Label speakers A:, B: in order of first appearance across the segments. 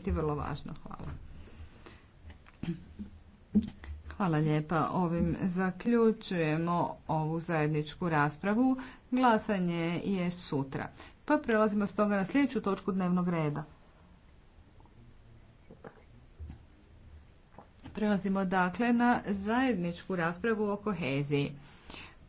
A: biti vrlo važno. Hvala. Hvala lijepa. Ovim zaključujemo ovu zajedničku raspravu. Glasanje je sutra. Pa prelazimo stoga na sljedeću točku dnevnog reda. Prelazimo dakle na zajedničku raspravu o koheziji.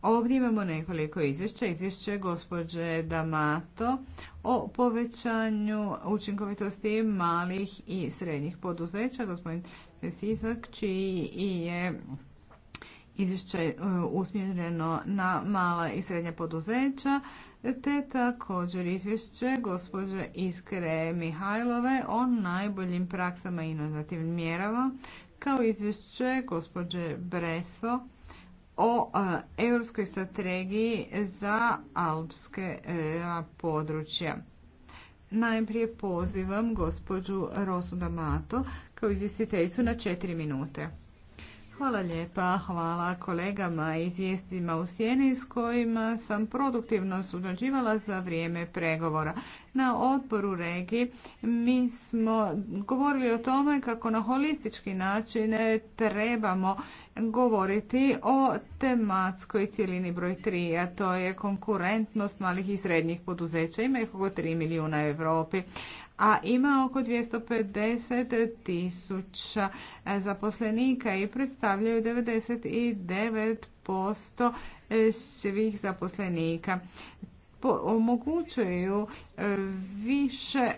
A: Ovdje imamo nekoliko izvješća. Izvješće gospođe Damato o povećanju učinkovitosti malih i srednjih poduzeća. Gospodin Sisak, čiji je izvješće e, usmjereno na mala i srednja poduzeća, te također izvješće gospođe Iskre Mihajlove o najboljim praksama i inovativnim mjerama, kao izvješće gospođe Breso o europskoj strategiji za alpske područje. područja. Najprije pozivam gospođu Rosu D'Amato kao izvjestiteljicu na četiri minute. Hvala lijepa, hvala kolegama i izvijestima u sjeni s kojima sam produktivno surađivala za vrijeme pregovora. Na odboru regi mi smo govorili o tome kako na holistički način trebamo govoriti o tematskoj cijelini broj 3, a to je konkurentnost malih i srednjih poduzeća. Ima ih oko 3 milijuna u Europi a ima oko 250 tisuća e, zaposlenika i predstavljaju 99% e, svih zaposlenika. Omogućuju e, više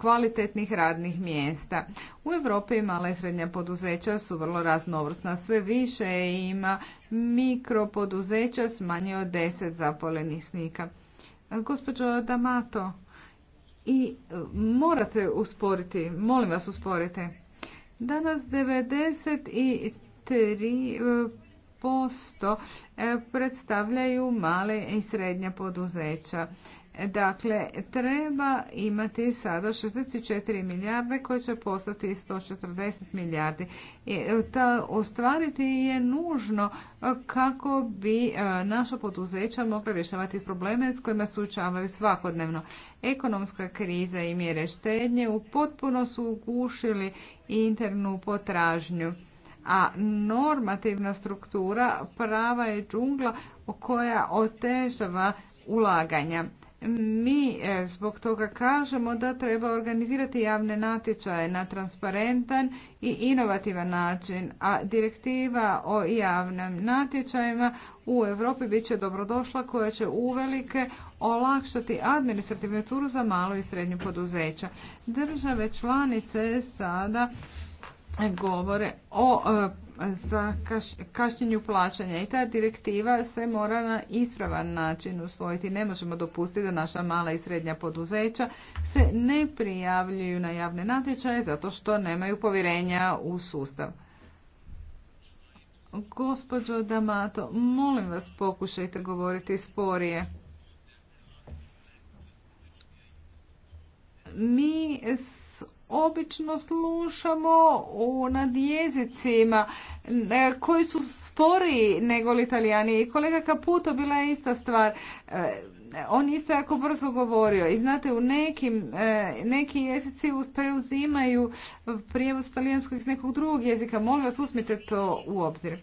A: kvalitetnih radnih mjesta. U Europi mala i srednja poduzeća su vrlo raznovrsna. Sve više ima mikropoduzeća s manje od 10 zapolenih snika. Gospođo D'Amato, i e, morate usporiti, molim vas usporite. Danas 93% e, e, predstavljaju male i srednja poduzeća. Dakle, treba imati sada 64 milijarde koje će postati 140 milijardi. I e, ostvariti je nužno e, kako bi e, naša poduzeća mogla rješavati probleme s kojima se učavaju svakodnevno. Ekonomska kriza i mjere štednje u potpuno su ugušili internu potražnju a normativna struktura prava je džungla koja otežava ulaganja mi e, zbog toga kažemo da treba organizirati javne natječaje na transparentan i inovativan način, a direktiva o javnim natječajima u Europi bit će dobrodošla koja će uvelike olakšati administrativnu turu za malo i srednje poduzeća. Države članice sada govore o e, za kašnjenju plaćanja i ta direktiva se mora na ispravan način usvojiti. Ne možemo dopustiti da naša mala i srednja poduzeća se ne prijavljuju na javne natječaje zato što nemaju povjerenja u sustav. Gospođo Damato, molim vas pokušajte govoriti sporije. Mi obično slušamo nad jezicima e, koji su sporiji nego li italijani. I kolega Caputo bila je ista stvar. E, on isto jako brzo govorio i znate u nekim, e, neki jezici preuzimaju prijevoz talijanskog iz nekog drugog jezika. Molim vas usmite to u obzir.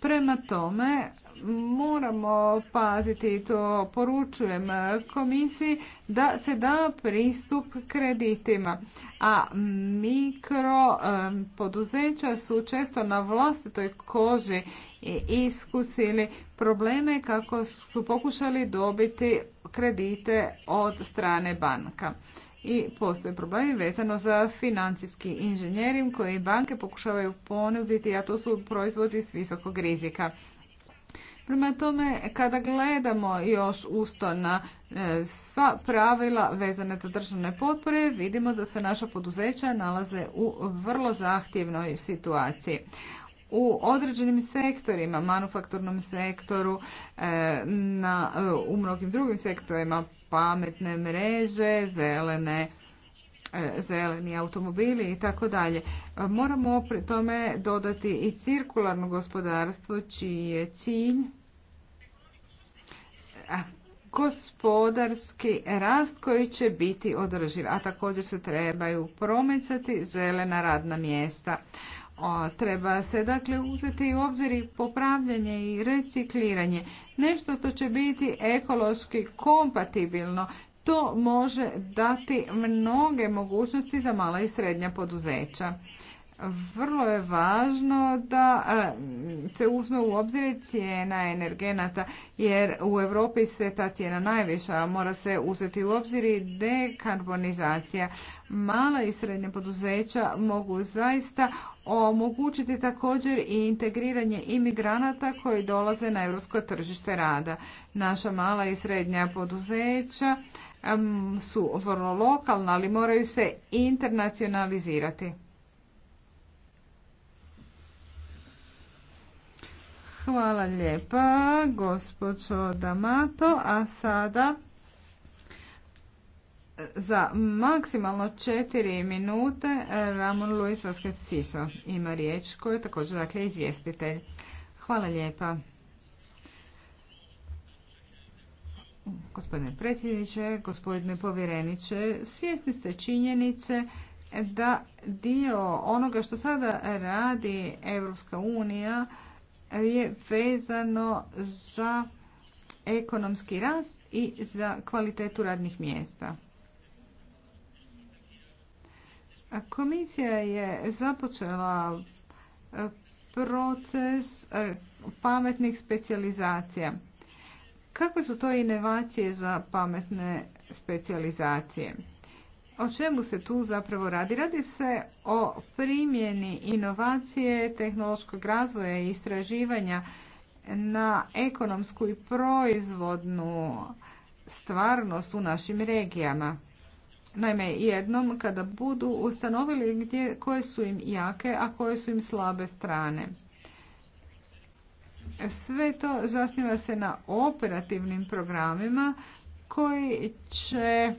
A: Prema tome, moramo paziti, to poručujem komisiji, da se da pristup kreditima. A mikro poduzeća su često na vlastitoj koži iskusili probleme kako su pokušali dobiti kredite od strane banka. I postoje problemi vezano za financijski inženjerim koji banke pokušavaju ponuditi, a to su proizvodi s visokog rizika. Prema tome, kada gledamo još usto na e, sva pravila vezane za državne potpore, vidimo da se naša poduzeća nalaze u vrlo zahtjevnoj situaciji. U određenim sektorima, manufakturnom sektoru, e, na, e, u mnogim drugim sektorima, pametne mreže, zelene zeleni automobili i tako dalje. Moramo pri tome dodati i cirkularno gospodarstvo čiji je cilj gospodarski rast koji će biti održiv, a također se trebaju promicati zelena radna mjesta. treba se dakle uzeti u obzir i popravljanje i recikliranje. Nešto to će biti ekološki kompatibilno. To može dati mnoge mogućnosti za mala i srednja poduzeća vrlo je važno da e, se uzme u obzir cijena energenata jer u Europi se ta cijena najviša mora se uzeti u obzir i dekarbonizacija. Mala i srednja poduzeća mogu zaista omogućiti također i integriranje imigranata koji dolaze na europsko tržište rada. Naša mala i srednja poduzeća su vrlo lokalna, ali moraju se internacionalizirati. Hvala lijepa, gospođo Damato. A sada za maksimalno četiri minute Ramon Luis vasquez Ciso ima riječ koju je također dakle, izvjestitelj. Hvala lijepa. Gospodine predsjedniče, gospodine povjereniče, svjesni ste činjenice da dio onoga što sada radi Europska unija je vezano za ekonomski rast i za kvalitetu radnih mjesta. Komisija je započela e, proces e, pametnih specijalizacija. Kakve su to inovacije za pametne specijalizacije? O čemu se tu zapravo radi? Radi se o primjeni inovacije, tehnološkog razvoja i istraživanja na ekonomsku i proizvodnu stvarnost u našim regijama. Naime, jednom kada budu ustanovili gdje, koje su im jake, a koje su im slabe strane. Sve to zasniva se na operativnim programima koji će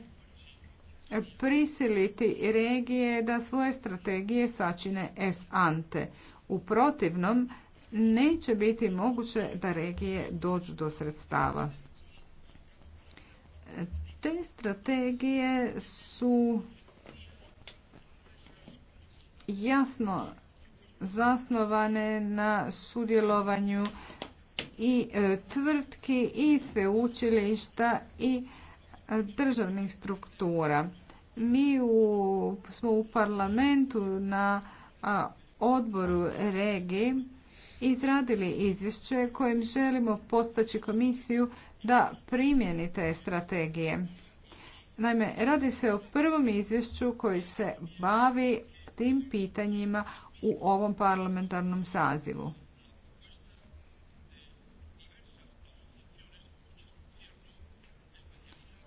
A: prisiliti regije da svoje strategije sačine es ante. U protivnom, neće biti moguće da regije dođu do sredstava. Te strategije su jasno zasnovane na sudjelovanju i e, tvrtki i sveučilišta i državnih struktura. Mi smo u parlamentu na odboru regiji izradili izvješće kojim želimo postaći komisiju da primjeni te strategije. Naime, radi se o prvom izvješću koji se bavi tim pitanjima u ovom parlamentarnom sazivu.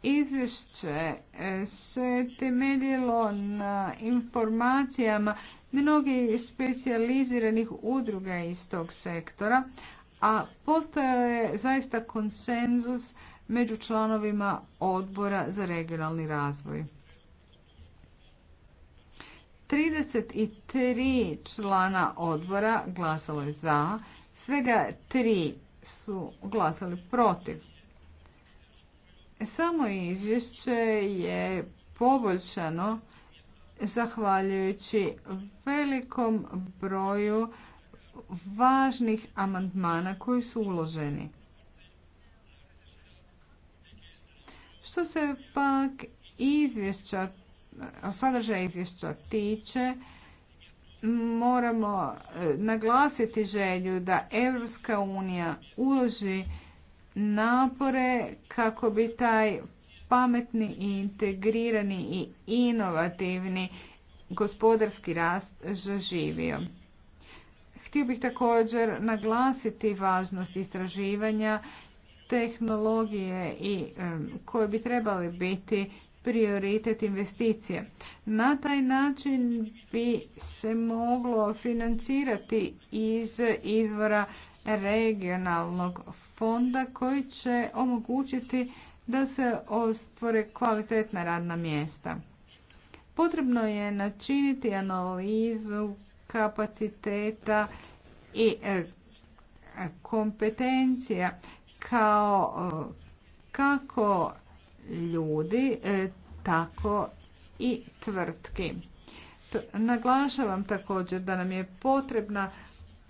A: izvješće e, se temeljilo na informacijama mnogih specijaliziranih udruga iz tog sektora, a postao je zaista konsenzus među članovima odbora za regionalni razvoj. 33 člana odbora glasalo je za, svega 3 su glasali protiv. Samo izvješće je poboljšano zahvaljujući velikom broju važnih amandmana koji su uloženi. Što se pak izvješća, izvješća tiče, moramo eh, naglasiti želju da Europska unija uloži napore kako bi taj pametni i integrirani i inovativni gospodarski rast zaživio. Htio bih također naglasiti važnost istraživanja tehnologije i koje bi trebali biti prioritet investicije. Na taj način bi se moglo financirati iz izvora regionalnog fonda koji će omogućiti da se ostvore kvalitetna radna mjesta. Potrebno je načiniti analizu kapaciteta i e, kompetencija kao e, kako ljudi, e, tako i tvrtki. Naglašavam također da nam je potrebna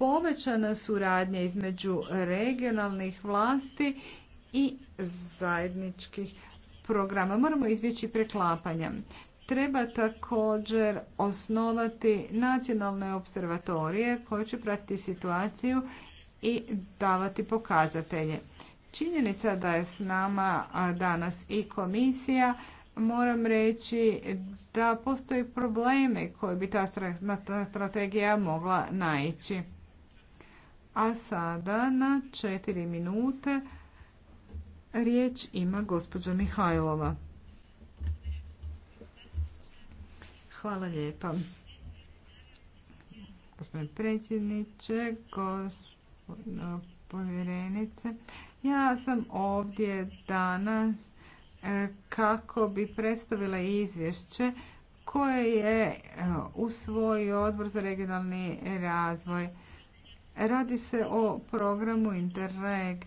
A: povećana suradnja između regionalnih vlasti i zajedničkih programa. Moramo izbjeći preklapanja. Treba također osnovati nacionalne observatorije koje će pratiti situaciju i davati pokazatelje. Činjenica da je s nama danas i komisija, moram reći da postoje probleme koje bi ta strategija mogla naići. A sada na četiri minute riječ ima gospođa Mihajlova. Hvala lijepa. Gospodine predsjedniče, povjerenice, ja sam ovdje danas e, kako bi predstavila izvješće koje je e, usvojio odbor za regionalni razvoj. Radi se o programu Interreg.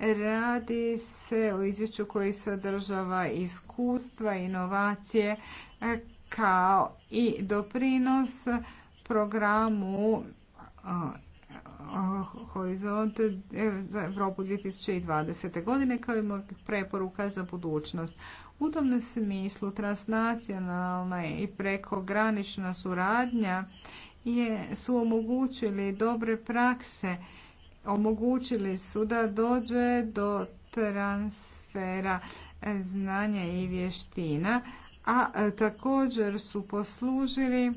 A: Radi se o izvješću koji sadržava iskustva, inovacije e, kao i doprinos programu e, Horizont e, za Europu 2020. godine kao i preporuka za budućnost. U tom smislu transnacionalna i prekogranična suradnja je, su omogućili dobre prakse, omogućili su da dođe do transfera e, znanja i vještina, a e, također su poslužili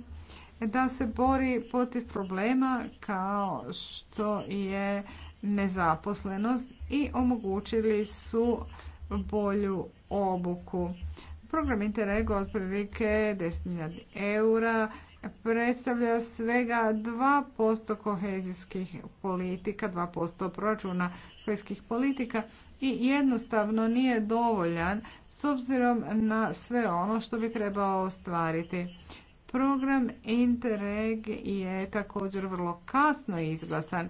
A: da se bori protiv problema kao što je nezaposlenost i omogućili su bolju obuku. Program je otprilike 10.000 eura predstavlja svega 2% kohezijskih politika, 2% proračuna kohezijskih politika i jednostavno nije dovoljan s obzirom na sve ono što bi trebao ostvariti. Program Interreg je također vrlo kasno izglasan.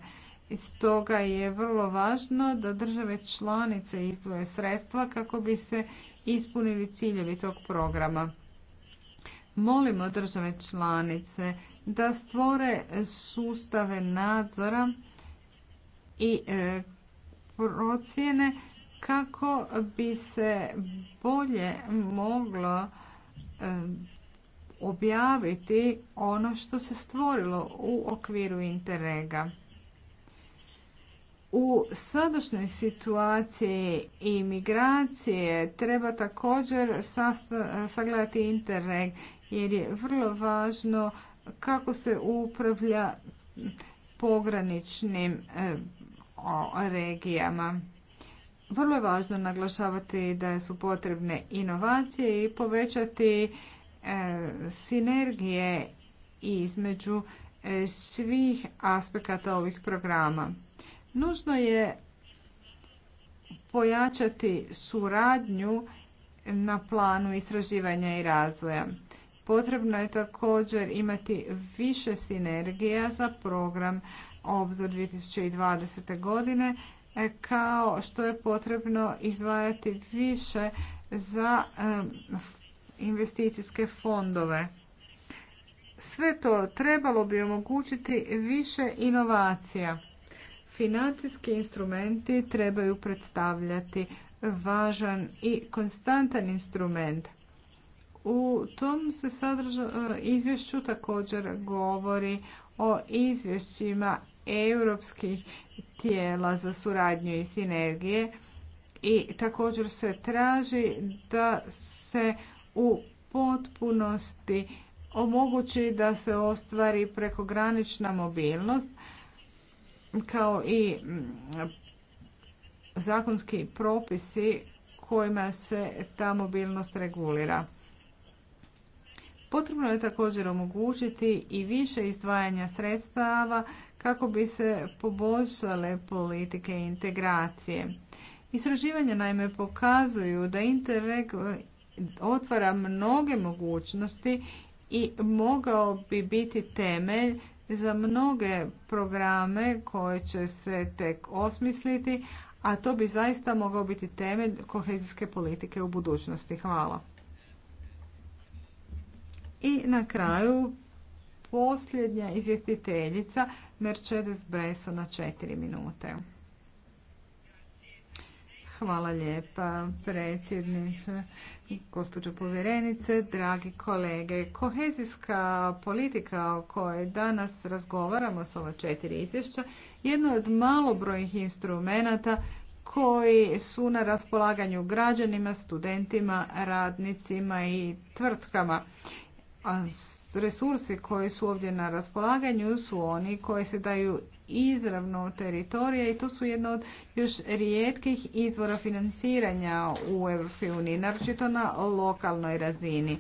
A: Stoga je vrlo važno da države članice izdvoje sredstva kako bi se ispunili ciljevi tog programa molimo države članice da stvore sustave nadzora i e, procjene kako bi se bolje moglo e, objaviti ono što se stvorilo u okviru Interrega. U sadašnjoj situaciji imigracije treba također sagledati Interreg jer je vrlo važno kako se upravlja pograničnim e, regijama. Vrlo je važno naglašavati da su potrebne inovacije i povećati e, sinergije između e, svih aspekata ovih programa. Nužno je pojačati suradnju na planu istraživanja i razvoja. Potrebno je također imati više sinergija za program Obzor 2020. godine e, kao što je potrebno izdvajati više za investicijske fondove. Sve to trebalo bi omogućiti više inovacija. Financijski instrumenti trebaju predstavljati važan i konstantan instrument u tom se e, izvješću također govori o izvješćima europskih tijela za suradnju i sinergije i također se traži da se u potpunosti omogući da se ostvari prekogranična mobilnost kao i mm, zakonski propisi kojima se ta mobilnost regulira. Potrebno je također omogućiti i više izdvajanja sredstava kako bi se poboljšale politike integracije. Istraživanja naime pokazuju da Interreg otvara mnoge mogućnosti i mogao bi biti temelj za mnoge programe koje će se tek osmisliti, a to bi zaista mogao biti temelj kohezijske politike u budućnosti. Hvala. I na kraju posljednja izvjestiteljica Mercedes Breso na četiri minute. Hvala lijepa predsjedniče, gospođo povjerenice, dragi kolege. Kohezijska politika o kojoj danas razgovaramo s ova četiri izvješća jedno od malobrojnih instrumenata koji su na raspolaganju građanima, studentima, radnicima i tvrtkama resursi koji su ovdje na raspolaganju su oni koji se daju izravno teritorija i to su jedna od još rijetkih izvora financiranja u EU, naročito na lokalnoj razini.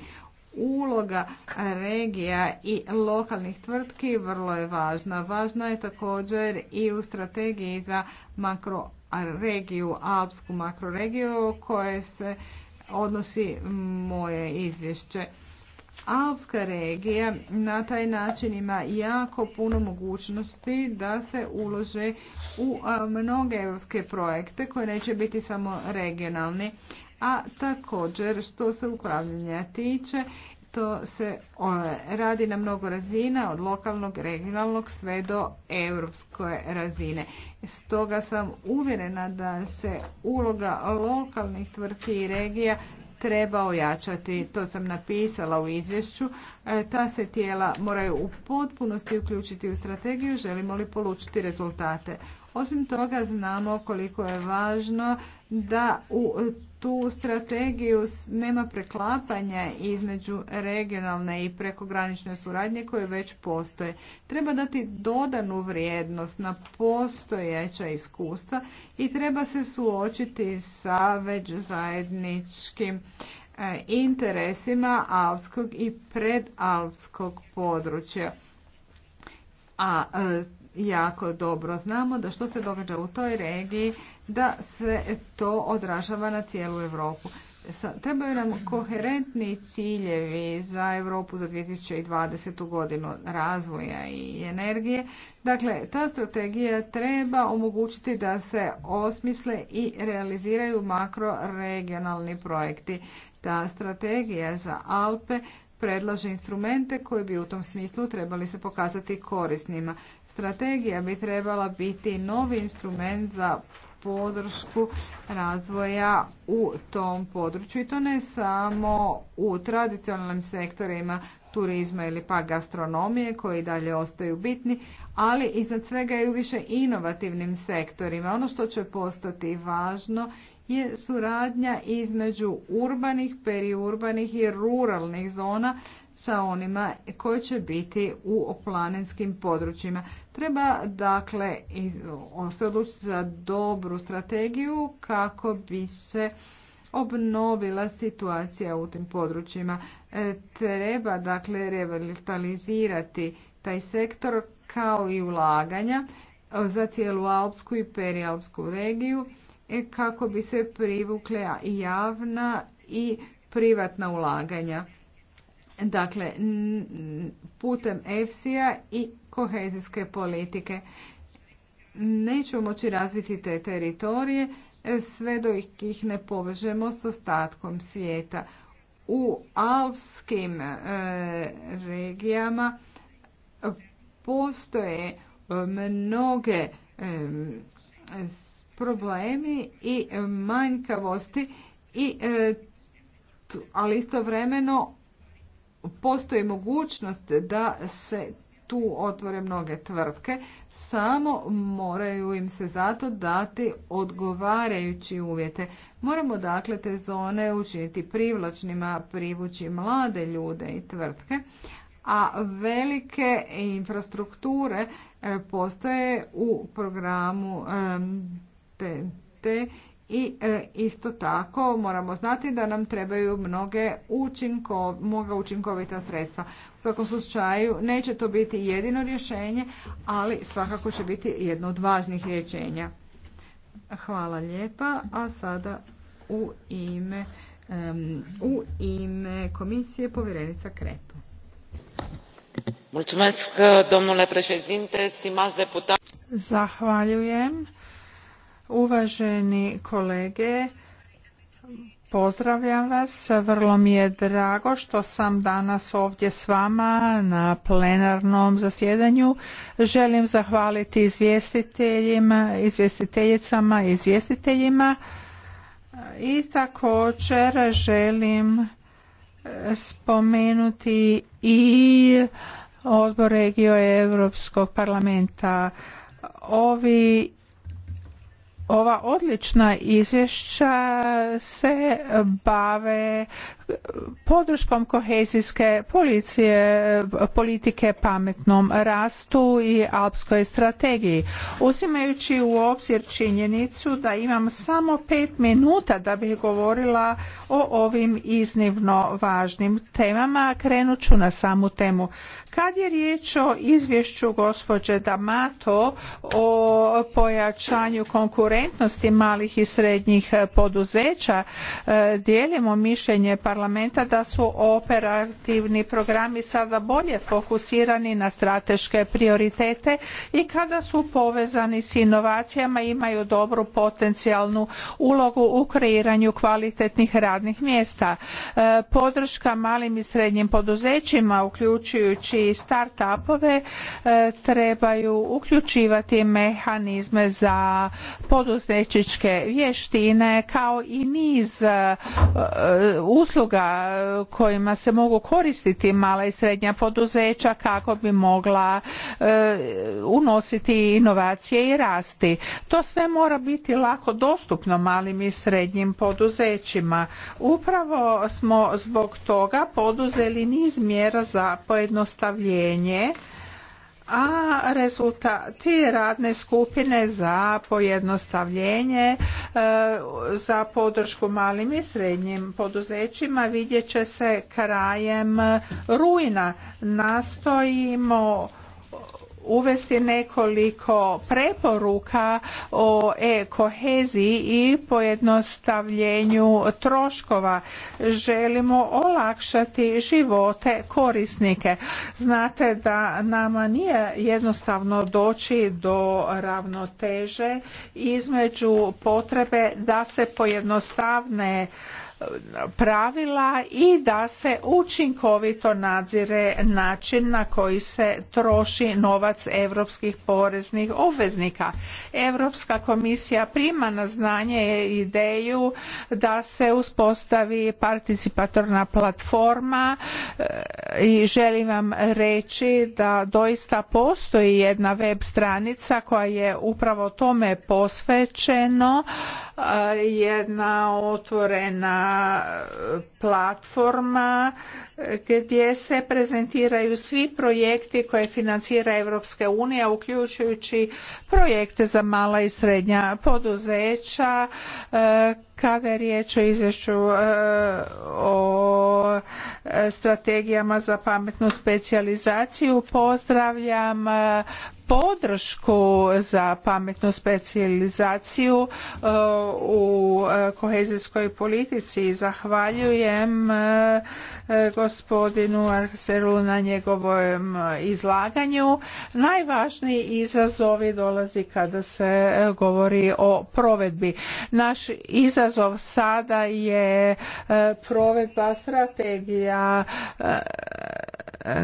A: Uloga regija i lokalnih tvrtki vrlo je važna. Važna je također i u strategiji za makro regiju, alpsku makroregiju koje se odnosi moje izvješće. Alpska regija na taj način ima jako puno mogućnosti da se ulože u mnoge evropske projekte koje neće biti samo regionalni, a također što se upravljanja tiče, to se radi na mnogo razina, od lokalnog, regionalnog sve do evropske razine. Stoga sam uvjerena da se uloga lokalnih tvrtki i regija treba ojačati. To sam napisala u izvješću. E, ta se tijela moraju u potpunosti uključiti u strategiju, želimo li polučiti rezultate. Osim toga znamo koliko je važno da u tu strategiju nema preklapanja između regionalne i prekogranične suradnje koje već postoje. Treba dati dodanu vrijednost na postojeća iskustva i treba se suočiti sa već zajedničkim e, interesima alpskog i predalpskog područja. A e, jako dobro znamo da što se događa u toj regiji da se to odražava na cijelu Europu. Trebaju nam koherentni ciljevi za Europu za 2020. godinu razvoja i energije. Dakle, ta strategija treba omogućiti da se osmisle i realiziraju makroregionalni projekti. Ta strategija za Alpe predlaže instrumente koji bi u tom smislu trebali se pokazati korisnima. Strategija bi trebala biti novi instrument za podršku razvoja u tom području i to ne samo u tradicionalnim sektorima turizma ili pa gastronomije koji dalje ostaju bitni, ali iznad svega i u više inovativnim sektorima. Ono što će postati važno je suradnja između urbanih, periurbanih i ruralnih zona sa onima koje će biti u planinskim područjima. Treba dakle se za dobru strategiju kako bi se obnovila situacija u tim područjima. E, treba dakle revitalizirati taj sektor kao i ulaganja e, za cijelu Alpsku i Perialpsku regiju E, kako bi se privukle javna i privatna ulaganja. Dakle, putem EFSI-a i kohezijske politike. Nećemo moći razviti te teritorije e, sve dok ih ne povežemo s ostatkom svijeta. U alpskim e, regijama postoje mnoge problemi i e, manjkavosti i e, ali istovremeno postoji mogućnost da se tu otvore mnoge tvrtke, samo moraju im se zato dati odgovarajući uvjete. Moramo dakle te zone učiniti privlačnima, privući mlade ljude i tvrtke, a velike infrastrukture e, postoje u programu i e, isto tako moramo znati da nam trebaju mnoge učinko, mnoga učinkovita sredstva. U svakom slučaju neće to biti jedino rješenje, ali svakako će biti jedno od važnih rješenja. Hvala lijepa, a sada u ime, u ime komisije povjerenica Kretu.
B: Mulțumesc, domnule președinte, stimați deputați.
C: Zahvaljujem Uvaženi kolege, pozdravljam vas. Vrlo mi je drago što sam danas ovdje s vama na plenarnom zasjedanju. Želim zahvaliti izvjestiteljima, izvjestiteljicama i izvjestiteljima i također želim eh, spomenuti i odbor regio Europskog parlamenta. Ovi ova odlična izvješća se bave podrškom kohezijske policije, politike pametnom rastu i alpskoj strategiji. Uzimajući u obzir činjenicu da imam samo pet minuta da bih govorila o ovim iznimno važnim temama, krenut ću na samu temu. Kad je riječ o izvješću gospođe Damato o pojačanju konkurentnosti malih i srednjih poduzeća, e, dijelimo mišljenje parlamenta parlamenta da su operativni programi sada bolje fokusirani na strateške prioritete i kada su povezani s inovacijama imaju dobru potencijalnu ulogu u kreiranju kvalitetnih radnih mjesta. E, podrška malim i srednjim poduzećima uključujući i start-upove e, trebaju uključivati mehanizme za poduzetničke vještine kao i niz e, usluga usluga e, kojima se mogu koristiti mala i srednja poduzeća kako bi mogla e, unositi inovacije i rasti. To sve mora biti lako dostupno malim i srednjim poduzećima. Upravo smo zbog toga poduzeli niz mjera za pojednostavljenje a rezultati radne skupine za pojednostavljenje e, za podršku malim i srednjim poduzećima vidjet će se krajem rujna. Nastojimo uvesti nekoliko preporuka o e-koheziji i pojednostavljenju troškova. Želimo olakšati živote korisnike. Znate da nama nije jednostavno doći do ravnoteže između potrebe da se pojednostavne pravila i da se učinkovito nadzire način na koji se troši novac europskih poreznih obveznika. Europska komisija prima na znanje ideju da se uspostavi participatorna platforma e, i želim vam reći da doista postoji jedna web stranica koja je upravo tome posvećeno e, jedna otvorena platforma gdje se prezentiraju svi projekti koje financira Europska unija uključujući projekte za mala i srednja poduzeća kada je riječ o izvješću e, o e, strategijama za pametnu specijalizaciju, pozdravljam e, podršku za pametnu specijalizaciju u kohezijskoj politici i zahvaljujem E, gospodinu Arseru na njegovom e, izlaganju. Najvažniji izazovi dolazi kada se e, govori o provedbi. Naš izazov sada je provedba strategija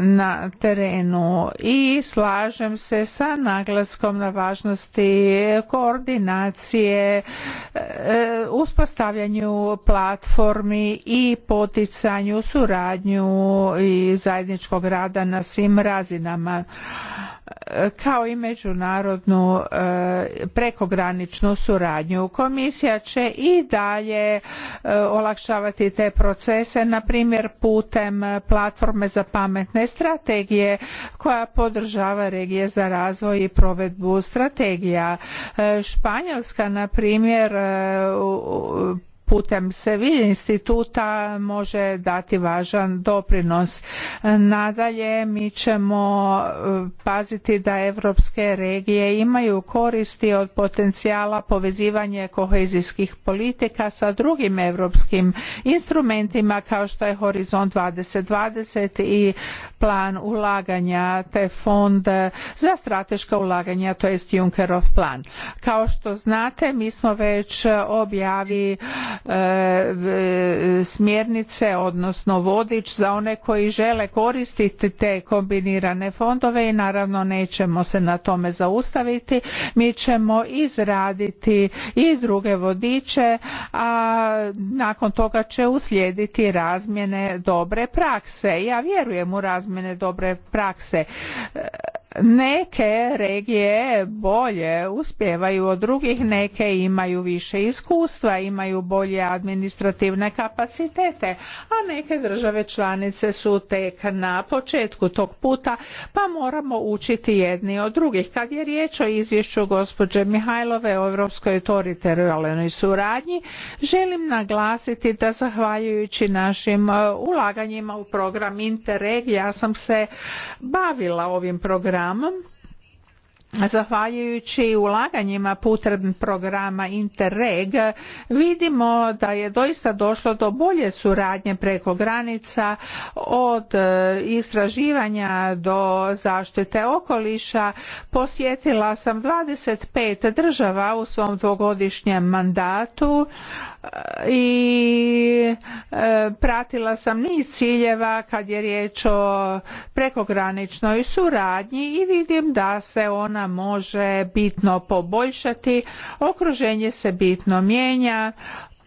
C: na terenu i slažem se sa naglaskom na važnosti koordinacije e, uspostavljanju platformi i poticanju suradnju i zajedničkog rada na svim razinama kao i međunarodnu e, prekograničnu suradnju. Komisija će i dalje e, olakšavati te procese, na primjer putem platforme za pametne strategije koja podržava regije za razvoj i provedbu strategija. E, Španjolska, na primjer, putem Sevi instituta može dati važan doprinos. Nadalje mi ćemo e, paziti da europske regije imaju koristi od potencijala povezivanja kohezijskih politika sa drugim europskim instrumentima kao što je Horizont 2020 i plan ulaganja te fond za strateška ulaganja to jest Junckerov plan. Kao što znate mi smo već objavili E, e, smjernice odnosno vodič za one koji žele koristiti te kombinirane fondove i naravno nećemo se na tome zaustaviti mi ćemo izraditi i druge vodiče a nakon toga će uslijediti razmjene dobre prakse ja vjerujem u razmjene dobre prakse Neke regije bolje uspijevaju od drugih, neke imaju više iskustva, imaju bolje administrativne kapacitete, a neke države članice su tek na početku tog puta, pa moramo učiti jedni od drugih. Kad je riječ o izvješću gospođe Mihajlove o Europskoj teritorijalnoj suradnji, želim naglasiti da zahvaljujući našim uh, ulaganjima u program Interreg ja sam se bavila ovim programom programom zahvaljujući ulaganjima putem programa Interreg vidimo da je doista došlo do bolje suradnje preko granica od e, istraživanja do zaštite okoliša. Posjetila sam 25 država u svom dvogodišnjem mandatu i e, pratila sam niz ciljeva kad je riječ o prekograničnoj suradnji i vidim da se ona može bitno poboljšati okruženje se bitno mijenja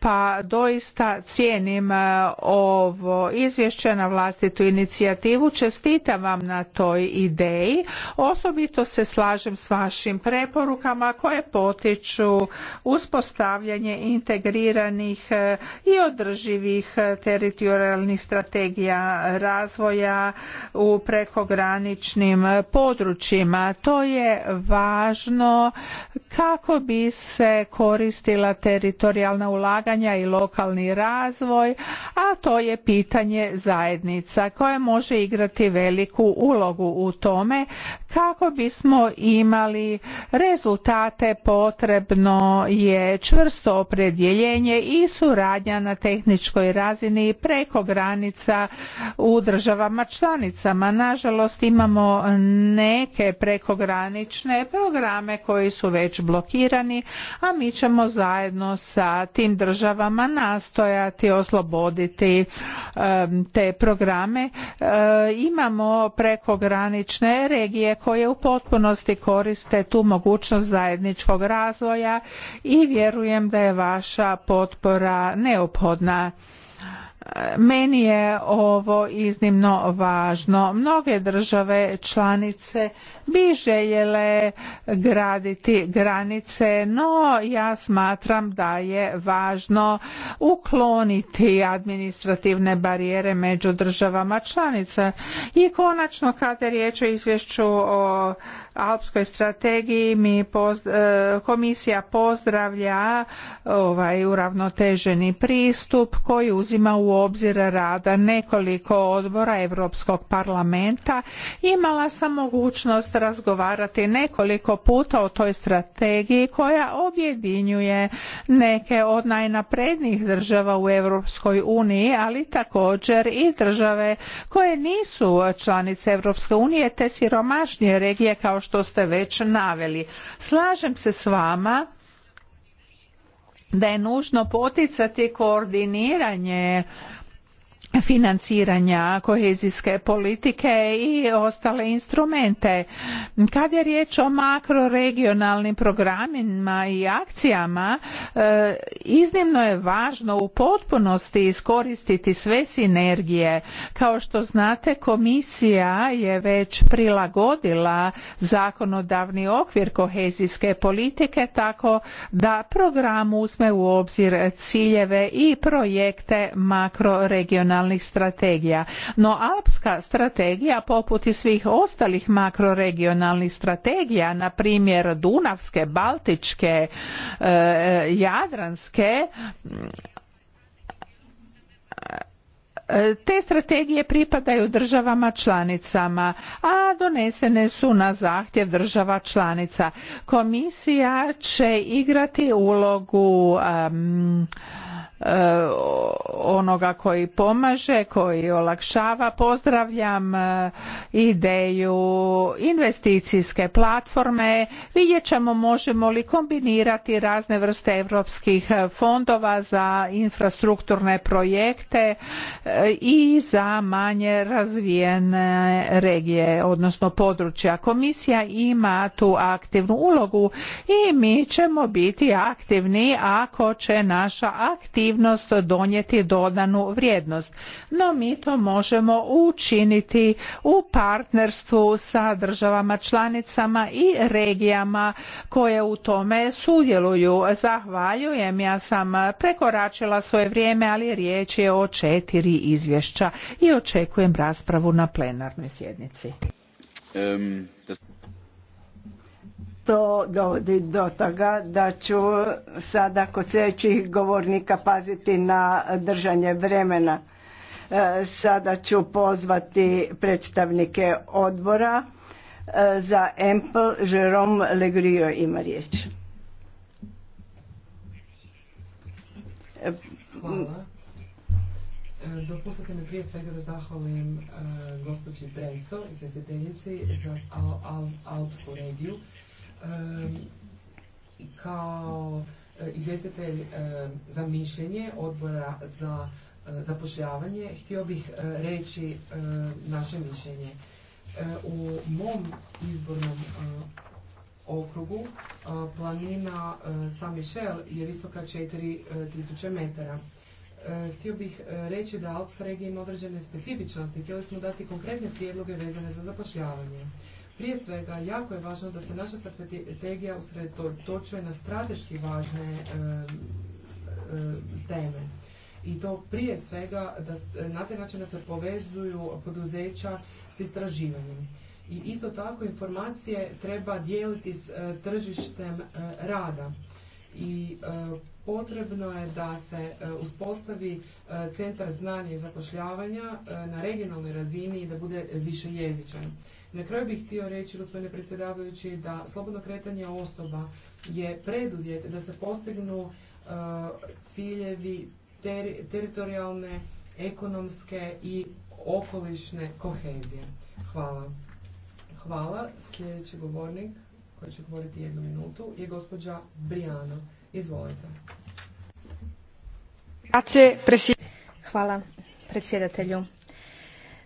C: pa doista cijenim e, ovo izvješće na vlastitu inicijativu. Čestitam vam na toj ideji. Osobito se slažem s vašim preporukama koje potiču uspostavljanje integriranih e, i održivih teritorijalnih strategija razvoja u prekograničnim područjima. To je važno kako bi se koristila teritorijalna ulaganja ulaganja i lokalni razvoj, a to je pitanje zajednica koje može igrati veliku ulogu u tome kako bismo imali rezultate potrebno je čvrsto opredjeljenje i suradnja na tehničkoj razini preko granica u državama članicama. Nažalost imamo neke prekogranične programe koji su već blokirani, a mi ćemo zajedno sa tim državama državama nastojati osloboditi te programe. Eh, imamo prekogranične regije koje u potpunosti koriste tu mogućnost zajedničkog razvoja i vjerujem da je vaša potpora neophodna. Meni je ovo iznimno važno. Mnoge države članice bi željele graditi granice, no ja smatram da je važno ukloniti administrativne barijere među državama članica. I konačno kada je riječ o izvješću o alpskoj strategiji mi e, komisija pozdravlja ovaj uravnoteženi pristup koji uzima u obzir rada nekoliko odbora Europskog parlamenta. Imala sam mogućnost razgovarati nekoliko puta o toj strategiji koja objedinjuje neke od najnaprednijih država u Europskoj uniji, ali također i države koje nisu članice Europske unije te siromašnije regije kao što ste već naveli. Slažem se s vama da je nužno poticati koordiniranje financiranja kohezijske politike i ostale instrumente. Kad je riječ o makroregionalnim programima i akcijama, e, iznimno je važno u potpunosti iskoristiti sve sinergije. Kao što znate, komisija je već prilagodila zakonodavni okvir kohezijske politike tako da program uzme u obzir ciljeve i projekte makroregionalnih strategija. No alpska strategija poput i svih ostalih makroregionalnih strategija, na primjer Dunavske, Baltičke, e, Jadranske, te strategije pripadaju državama članicama a donesene su na zahtjev država članica komisija će igrati ulogu E, onoga koji pomaže, koji olakšava. Pozdravljam e, ideju investicijske platforme. Vidjet ćemo možemo li kombinirati razne vrste europskih fondova za infrastrukturne projekte e, i za manje razvijene regije, odnosno područja. Komisija ima tu aktivnu ulogu i mi ćemo biti aktivni ako će naša aktivnost aktivnost donijeti dodanu vrijednost. No mi to možemo učiniti u partnerstvu sa državama članicama i regijama koje u tome sudjeluju. Zahvaljujem, ja sam prekoračila svoje vrijeme, ali riječ je o četiri izvješća i očekujem raspravu na plenarnoj sjednici
D: to dovodi do toga da ću sada kod sljedećih govornika paziti na držanje vremena. E, sada ću pozvati predstavnike odbora e, za EMPL. Jerome Legrio ima riječ.
E: Hvala. E, dopustite mi prije svega da zahvalim gospođi Breso, izvjestiteljici za Alpsku regiju kao e, izvjestitelj e, za mišljenje odbora za e, zapošljavanje htio bih reći naše mišljenje. U mom izbornom okrugu planina San Michel je visoka 4000 metara. Htio bih reći da Alpska regija ima određene specifičnosti. Htjeli smo dati konkretne prijedloge vezane za zapošljavanje. Prije svega, jako je važno da se naša strategija usredotočuje na strateški važne e, e, teme. I to prije svega da, na taj način da se povezuju poduzeća s istraživanjem. I isto tako informacije treba dijeliti s e, tržištem rada. I potrebno je da se uspostavi centar znanja i zapošljavanja na regionalnoj razini i da bude više jezičan. Na kraju bih htio reći, gospodine predsjedavajući, da slobodno kretanje osoba je preduvjet da se postignu e, ciljevi teritorijalne, ekonomske i okolišne kohezije. Hvala. Hvala. Sljedeći govornik koji će govoriti jednu minutu je gospođa Brijana. Izvolite.
F: Hvala predsjedatelju.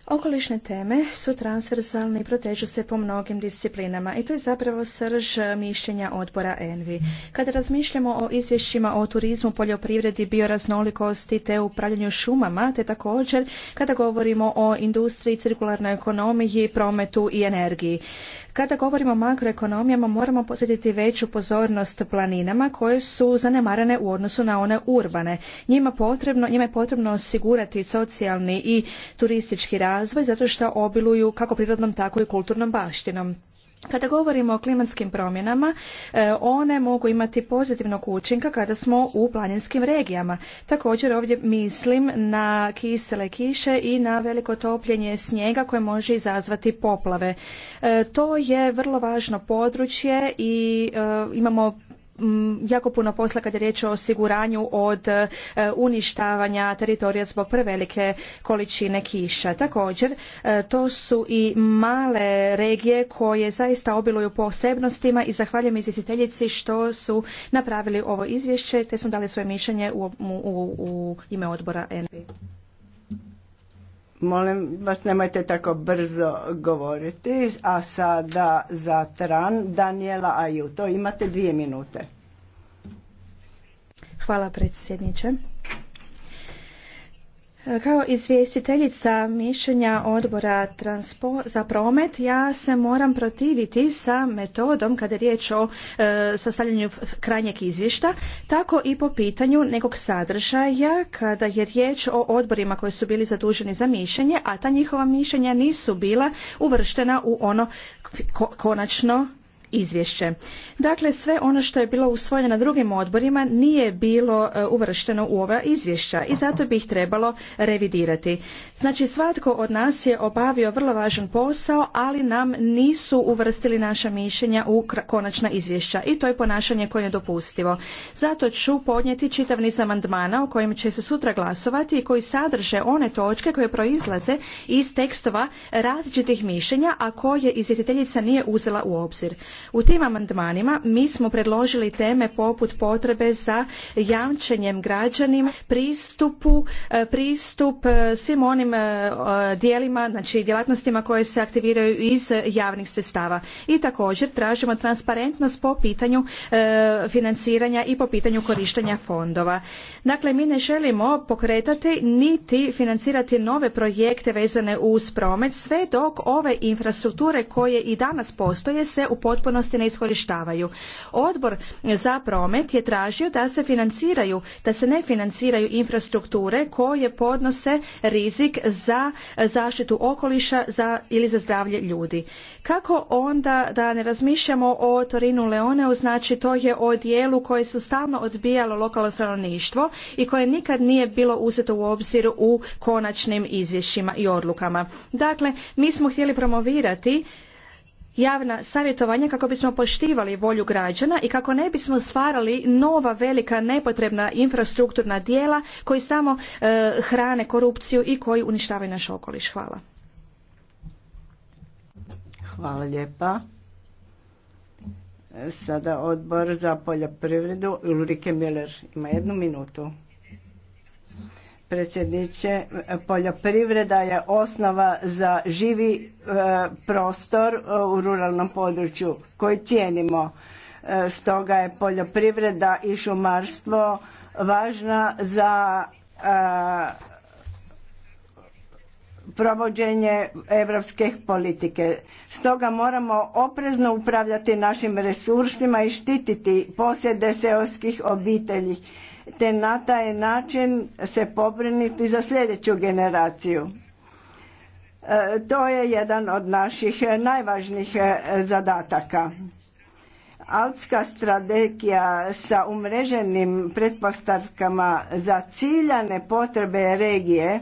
F: Okolišne teme su transverzalne i protežu se po mnogim disciplinama i to je zapravo srž mišljenja odbora ENVI. Kada razmišljamo o izvješćima o turizmu, poljoprivredi, bioraznolikosti te upravljanju šumama, te također kada govorimo o industriji, cirkularnoj ekonomiji, prometu i energiji. Kada govorimo o makroekonomijama moramo posjetiti veću pozornost planinama koje su zanemarene u odnosu na one urbane. potrebno, njima je potrebno osigurati socijalni i turistički razvoj zato što obiluju kako prirodnom tako i kulturnom baštinom. Kada govorimo o klimatskim promjenama, e, one mogu imati pozitivnog učinka kada smo u planinskim regijama. Također ovdje mislim na kisele kiše i na veliko topljenje snijega koje može izazvati poplave. E, to je vrlo važno područje i e, imamo jako puno posla kad je riječ o osiguranju od e, uništavanja teritorija zbog prevelike količine kiša. Također, e, to su i male regije koje zaista obiluju posebnostima i zahvaljujem izvjestiteljici što su napravili ovo izvješće te smo dali svoje mišljenje u, ime odbora np
D: Molim vas, nemojte tako brzo govoriti. A sada za tran Daniela Ajuto. imate dvije minute.
F: Hvala predsjedniče. Kao izvjestiteljica mišljenja odbora za promet, ja se moram protiviti sa metodom kada je riječ o e, sastavljanju krajnjeg izvješta, tako i po pitanju nekog sadržaja kada je riječ o odborima koji su bili zaduženi za mišljenje, a ta njihova mišljenja nisu bila uvrštena u ono konačno izvješće. Dakle, sve ono što je bilo usvojeno na drugim odborima nije bilo e, uvršteno u ova izvješća i zato bi ih trebalo revidirati. Znači, svatko od nas je obavio vrlo važan posao, ali nam nisu uvrstili naša mišljenja u konačna izvješća i to je ponašanje koje je dopustivo. Zato ću podnijeti čitav niz amandmana o kojim će se sutra glasovati i koji sadrže one točke koje proizlaze iz tekstova različitih mišljenja, a koje izvjetiteljica nije uzela u obzir. U tim amandmanima mi smo predložili teme poput potrebe za jamčenjem građanima pristupu, e, pristup e, svim onim e, dijelima, znači djelatnostima koje se aktiviraju iz javnih sredstava. I također tražimo transparentnost po pitanju financiranja i po pitanju korištenja fondova. Dakle, mi ne želimo pokretati niti financirati nove projekte vezane uz promet sve dok ove infrastrukture koje i danas postoje se u potpunosti potpunosti ne iskorištavaju. Odbor za promet je tražio da se financiraju, da se ne financiraju infrastrukture koje podnose rizik za zaštitu okoliša za, ili za zdravlje ljudi. Kako onda da ne razmišljamo o Torinu Leoneu, znači to je o dijelu koje su stalno odbijalo lokalno stanovništvo i koje nikad nije bilo uzeto u obzir u konačnim izvješćima i odlukama. Dakle, mi smo htjeli promovirati javna savjetovanja kako bismo poštivali volju građana i kako ne bismo stvarali nova velika nepotrebna infrastrukturna dijela koji samo e, hrane korupciju i koji uništavaju naš okoliš. Hvala.
D: Hvala lijepa. Sada odbor za poljoprivredu Ulrike Miller ima jednu minutu predsjedniče. Poljoprivreda je osnova za živi e, prostor e, u ruralnom području koji cijenimo. E, stoga je poljoprivreda i šumarstvo važna za provođenje europske politike. Stoga moramo oprezno upravljati našim resursima i štititi posjede seoskih obitelji te na taj način se pobriniti za sljedeću generaciju. E, to je jedan od naših najvažnijih e, zadataka. Alpska strategija sa umreženim pretpostavkama za ciljane potrebe regije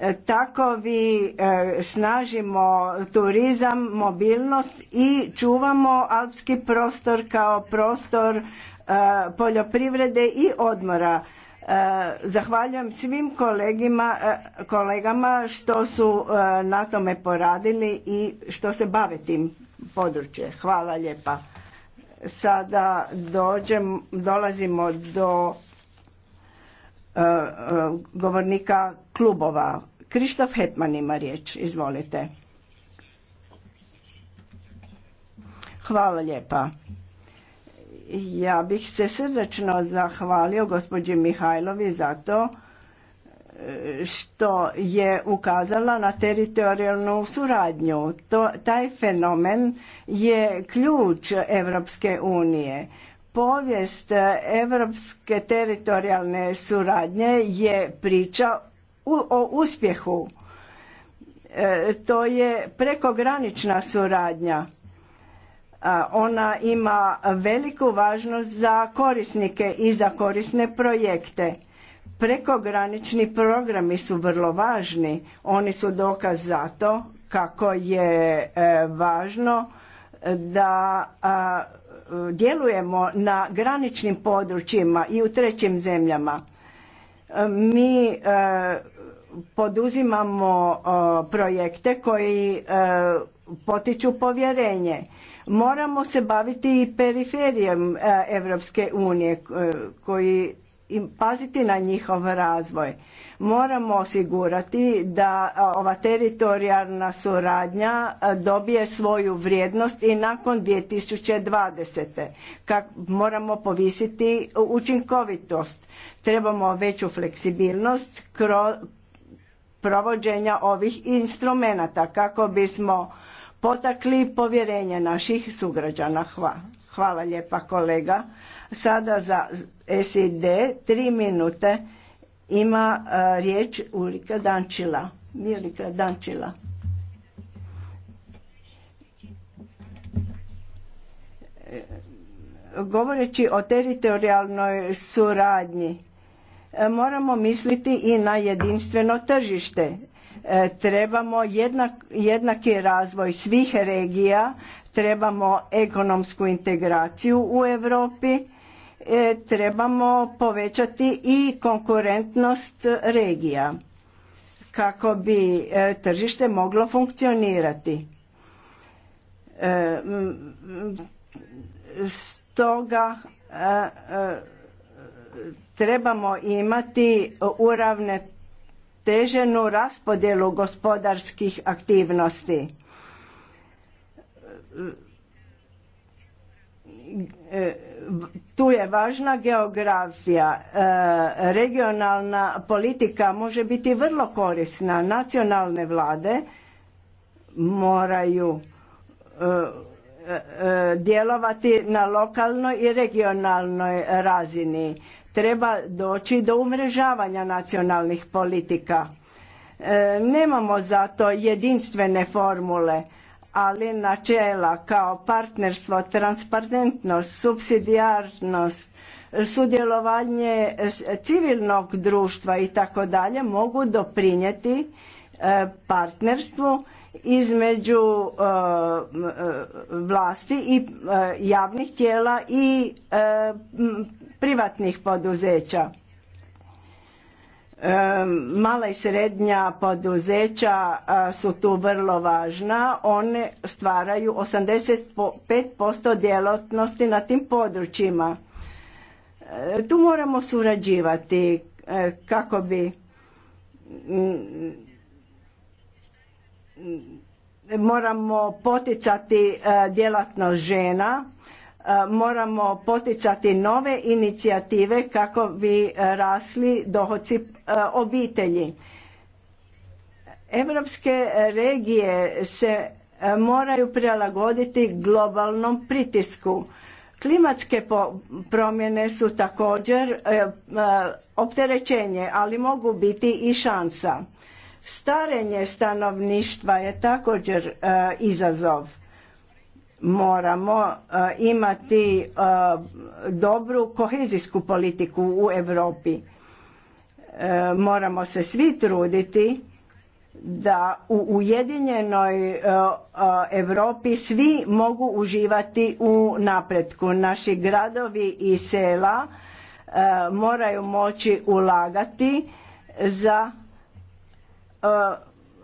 D: e, tako vi snažimo turizam, mobilnost i čuvamo alpski prostor kao prostor E, poljoprivrede i odmora. E, zahvaljujem svim kolegima, e, kolegama što su na tome poradili i što se bave tim područje. Hvala lijepa. Sada dolazimo do govornika klubova. Krištof Hetman ima riječ, izvolite. Hvala lijepa. Ja bih se srdečno zahvalio gospođi Mihajlovi za to e, što je ukazala na teritorijalnu suradnju. To, taj fenomen je ključ Evropske unije. Povijest europske teritorijalne suradnje je priča o uspjehu. E, to je prekogranična suradnja ona ima veliku važnost za korisnike i za korisne projekte. Prekogranični programi su vrlo važni. Oni su dokaz za to kako je e, važno e, da djelujemo na graničnim područjima i u trećim zemljama. E, mi poduzimamo projekte koji potiču povjerenje Moramo se baviti i periferijem Europske unije e, koji i paziti na njihov razvoj. Moramo osigurati da e, ova teritorijalna suradnja e, dobije svoju vrijednost i nakon 2020. Kak moramo povisiti učinkovitost. Trebamo veću fleksibilnost kroz provođenja ovih instrumenata kako bismo potakli povjerenje naših sugrađana. Hvala, lijepa kolega. Sada za SID tri minute ima e, riječ Ulrika Dančila. Ulrika Dančila. Govoreći o teritorijalnoj suradnji, e, moramo misliti i na jedinstveno tržište E, trebamo jednaki razvoj svih regija trebamo ekonomsku integraciju u europi e, trebamo povećati i konkurentnost regija kako bi e, tržište moglo funkcionirati stoga trebamo imati uravne uravnoteženu raspodjelu gospodarskih aktivnosti tu je važna geografija e, regionalna politika može biti vrlo korisna nacionalne vlade moraju e, e, djelovati na lokalnoj i regionalnoj razini Treba doći do umrežavanja nacionalnih politika. E, nemamo zato jedinstvene formule, ali načela kao partnerstvo, transparentnost, subsidijarnost, sudjelovanje civilnog društva i tako dalje mogu doprinijeti e, partnerstvu između e, vlasti i javnih tijela i privatnih poduzeća. E, mala i srednja poduzeća su tu vrlo važna. One stvaraju 85% djelatnosti na tim područjima. E, tu moramo surađivati e, kako bi moramo poticati djelatnost žena E, moramo poticati nove inicijative kako bi e, rasli dohoci e, obitelji. Europske regije se moraju prilagoditi globalnom pritisku. Klimatske promjene su također opterećenje, ali mogu biti i šansa. Starenje stanovništva je također izazov moramo e, imati e, dobru kohezijsku politiku u Europi. E, moramo se svi truditi da u ujedinjenoj Europi svi mogu uživati u napretku. Naši gradovi i sela moraju moći ulagati za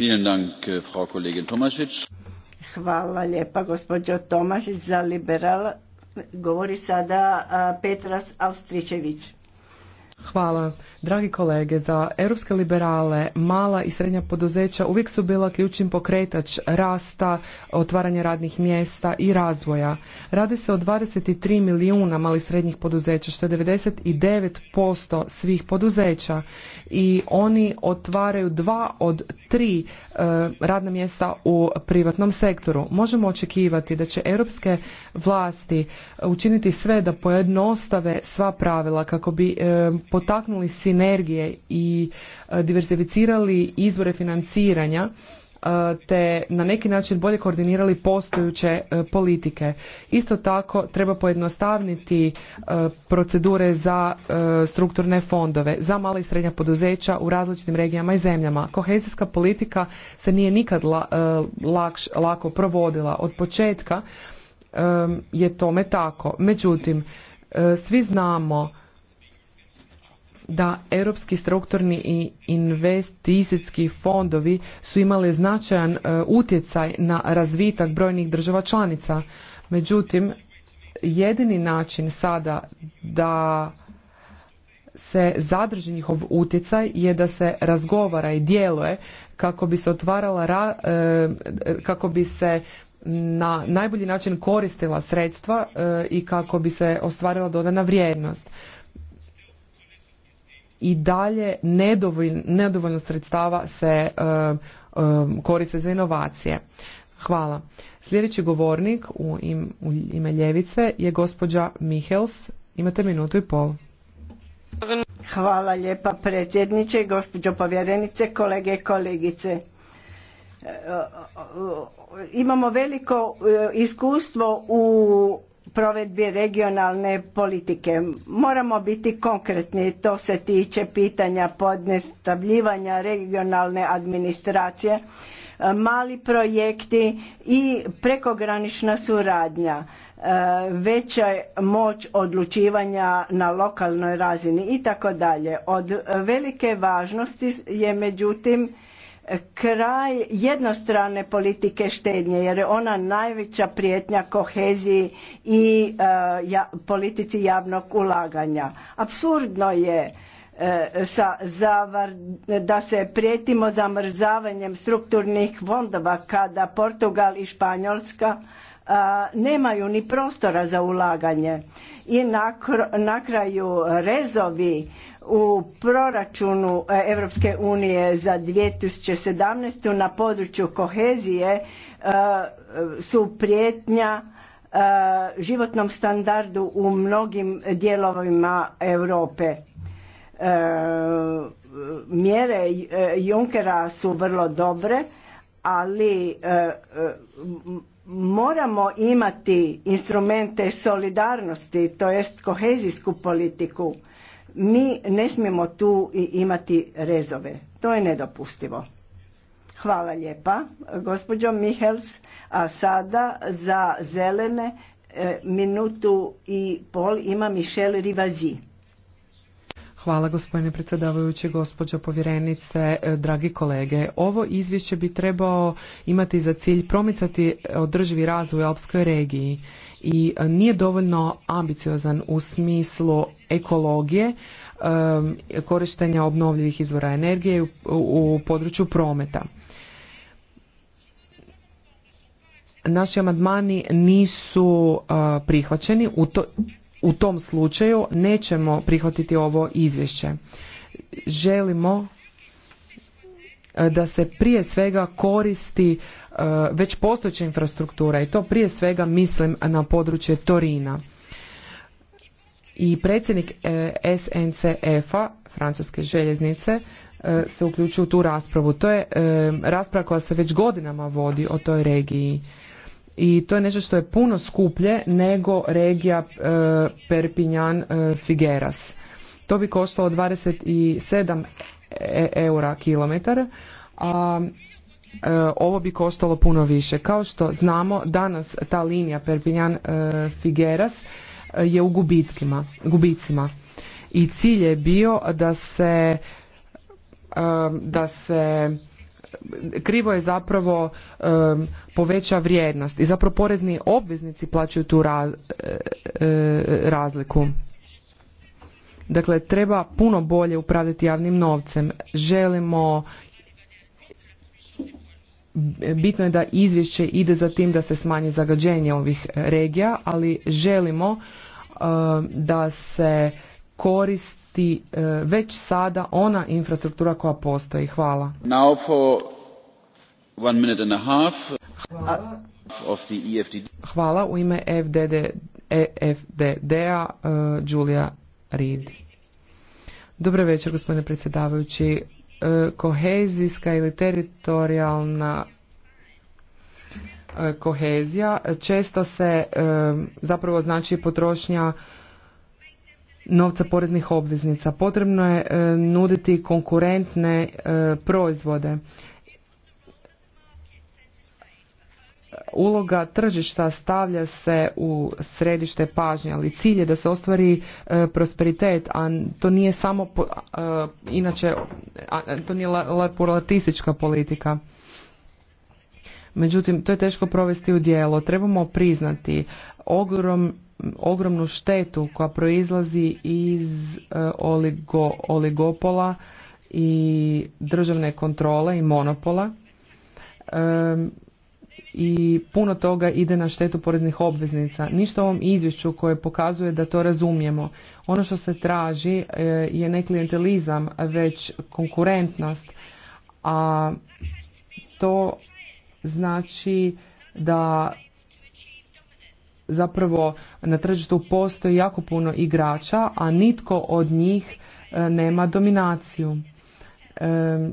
G: Äh,
D: Hvala lijepa gospođo Tomašić za liberal. Govori sada Petras Austričević.
E: Hvala. Dragi kolege, za europske liberale mala i srednja poduzeća uvijek su bila ključni pokretač rasta, otvaranja radnih mjesta i razvoja. Radi se o 23 milijuna malih i srednjih poduzeća, što je 99% svih poduzeća i oni otvaraju dva od tri e, radna mjesta u privatnom sektoru. Možemo očekivati da će europske vlasti učiniti sve da pojednostave sva pravila kako bi e, potaknuli sinergije i e, diversificirali izvore financiranja e, te na neki način bolje koordinirali postojuće e, politike. Isto tako treba pojednostavniti procedure za strukturne fondove, za mala i srednja poduzeća u različitim regijama i zemljama. Kohezijska politika se nije nikad lako provodila. Od početka je tome tako. Međutim, svi znamo da europski strukturni i investicijski fondovi su imali značajan e, utjecaj na razvitak brojnih država članica. Međutim, jedini način sada da se zadrži njihov utjecaj je da se razgovara i djeluje kako bi se otvarala ra, e, kako bi se na najbolji način koristila sredstva e, i kako bi se ostvarila dodana vrijednost i dalje nedovoljno, nedovoljno sredstava se e, e, koriste za inovacije. Hvala. Sljedeći govornik u ime Ljevice je gospođa Mihels. Imate minutu i pol.
D: Hvala lijepa predsjedniče, gospođo povjerenice, kolege i kolegice. E, imamo veliko iskustvo u provedbi regionalne politike. Moramo biti konkretni, to se tiče pitanja podnestavljivanja regionalne administracije, mali projekti i prekogranična suradnja, e, veća moć odlučivanja na lokalnoj razini i tako dalje. Od velike važnosti je međutim kraj jednostrane politike štednje jer je ona najveća prijetnja koheziji i e, politici javnog ulaganja. Apsurdno je e, sa, da se prijetimo zamrzavanjem strukturnih fondova kada Portugal i Španjolska e, nemaju ni prostora za ulaganje. I na kraju rezovi u proračunu Europske unije za 2017. na području kohezije e, su prijetnja e, životnom standardu u mnogim dijelovima Europe. E, mjere Junkera su vrlo dobre, ali moramo imati instrumente solidarnosti, to jest kohezijsku politiku mi ne smijemo tu i imati rezove. To je nedopustivo. Hvala lijepa, gospođo Mihels. A sada za zelene e, minutu i pol ima Michel Rivazi.
E: Hvala gospodine predsjedavajući, gospođo povjerenice, e, dragi kolege. Ovo izvješće bi trebao imati za cilj promicati održivi razvoj u Alpskoj regiji i e, nije dovoljno ambiciozan u smislu ekologije, korištenja obnovljivih izvora energije u području prometa. Naši amandmani nisu e, prihvaćeni, u, u tom slučaju nećemo prihvatiti ovo izvješće. Želimo da se prije svega koristi e, već postojeća infrastruktura i to prije svega mislim na područje Torina. I predsjednik e, SNCF-a, Francuske željeznice, e, se uključio u tu raspravu. To je rasprava koja se već godinama vodi o toj regiji. I to je nešto što je puno skuplje nego regija Perpinjan Figueras. To bi koštalo 27 E, eura kilometar, a e, ovo bi koštalo puno više. Kao što znamo, danas ta linija perpignan e, figeras je u gubitkima, gubicima. I cilj je bio da se da se krivo je zapravo poveća vrijednost i zapravo porezni obveznici plaćaju tu razliku. Dakle, treba puno bolje upravljati javnim novcem. Želimo bitno je da izvješće ide za tim da se smanji zagađenje ovih regija, ali želimo e, da se koristi e, već sada ona infrastruktura koja postoji. Hvala. Hvala. u ime FDD, EFDD-a e, Reid. večer, gospodine predsjedavajući. E, kohezijska ili teritorijalna e, kohezija često se e, zapravo znači potrošnja novca poreznih obveznica. Potrebno je nuditi konkurentne proizvode uloga tržišta stavlja se u središte pažnje, ali cilj je da se ostvari e, prosperitet, a to nije samo e, inače e, to nije populatistička politika. Međutim, to je teško provesti u djelo. Trebamo priznati ogromnu štetu koja proizlazi iz oligopola i državne kontrole i monopola i puno toga ide na štetu poreznih obveznica. Ništa u ovom izvješću koje pokazuje da to razumijemo. Ono što se traži e, je ne klijentelizam, već konkurentnost, a to znači da zapravo na tržištu postoji jako puno igrača, a nitko od njih e, nema dominaciju. E,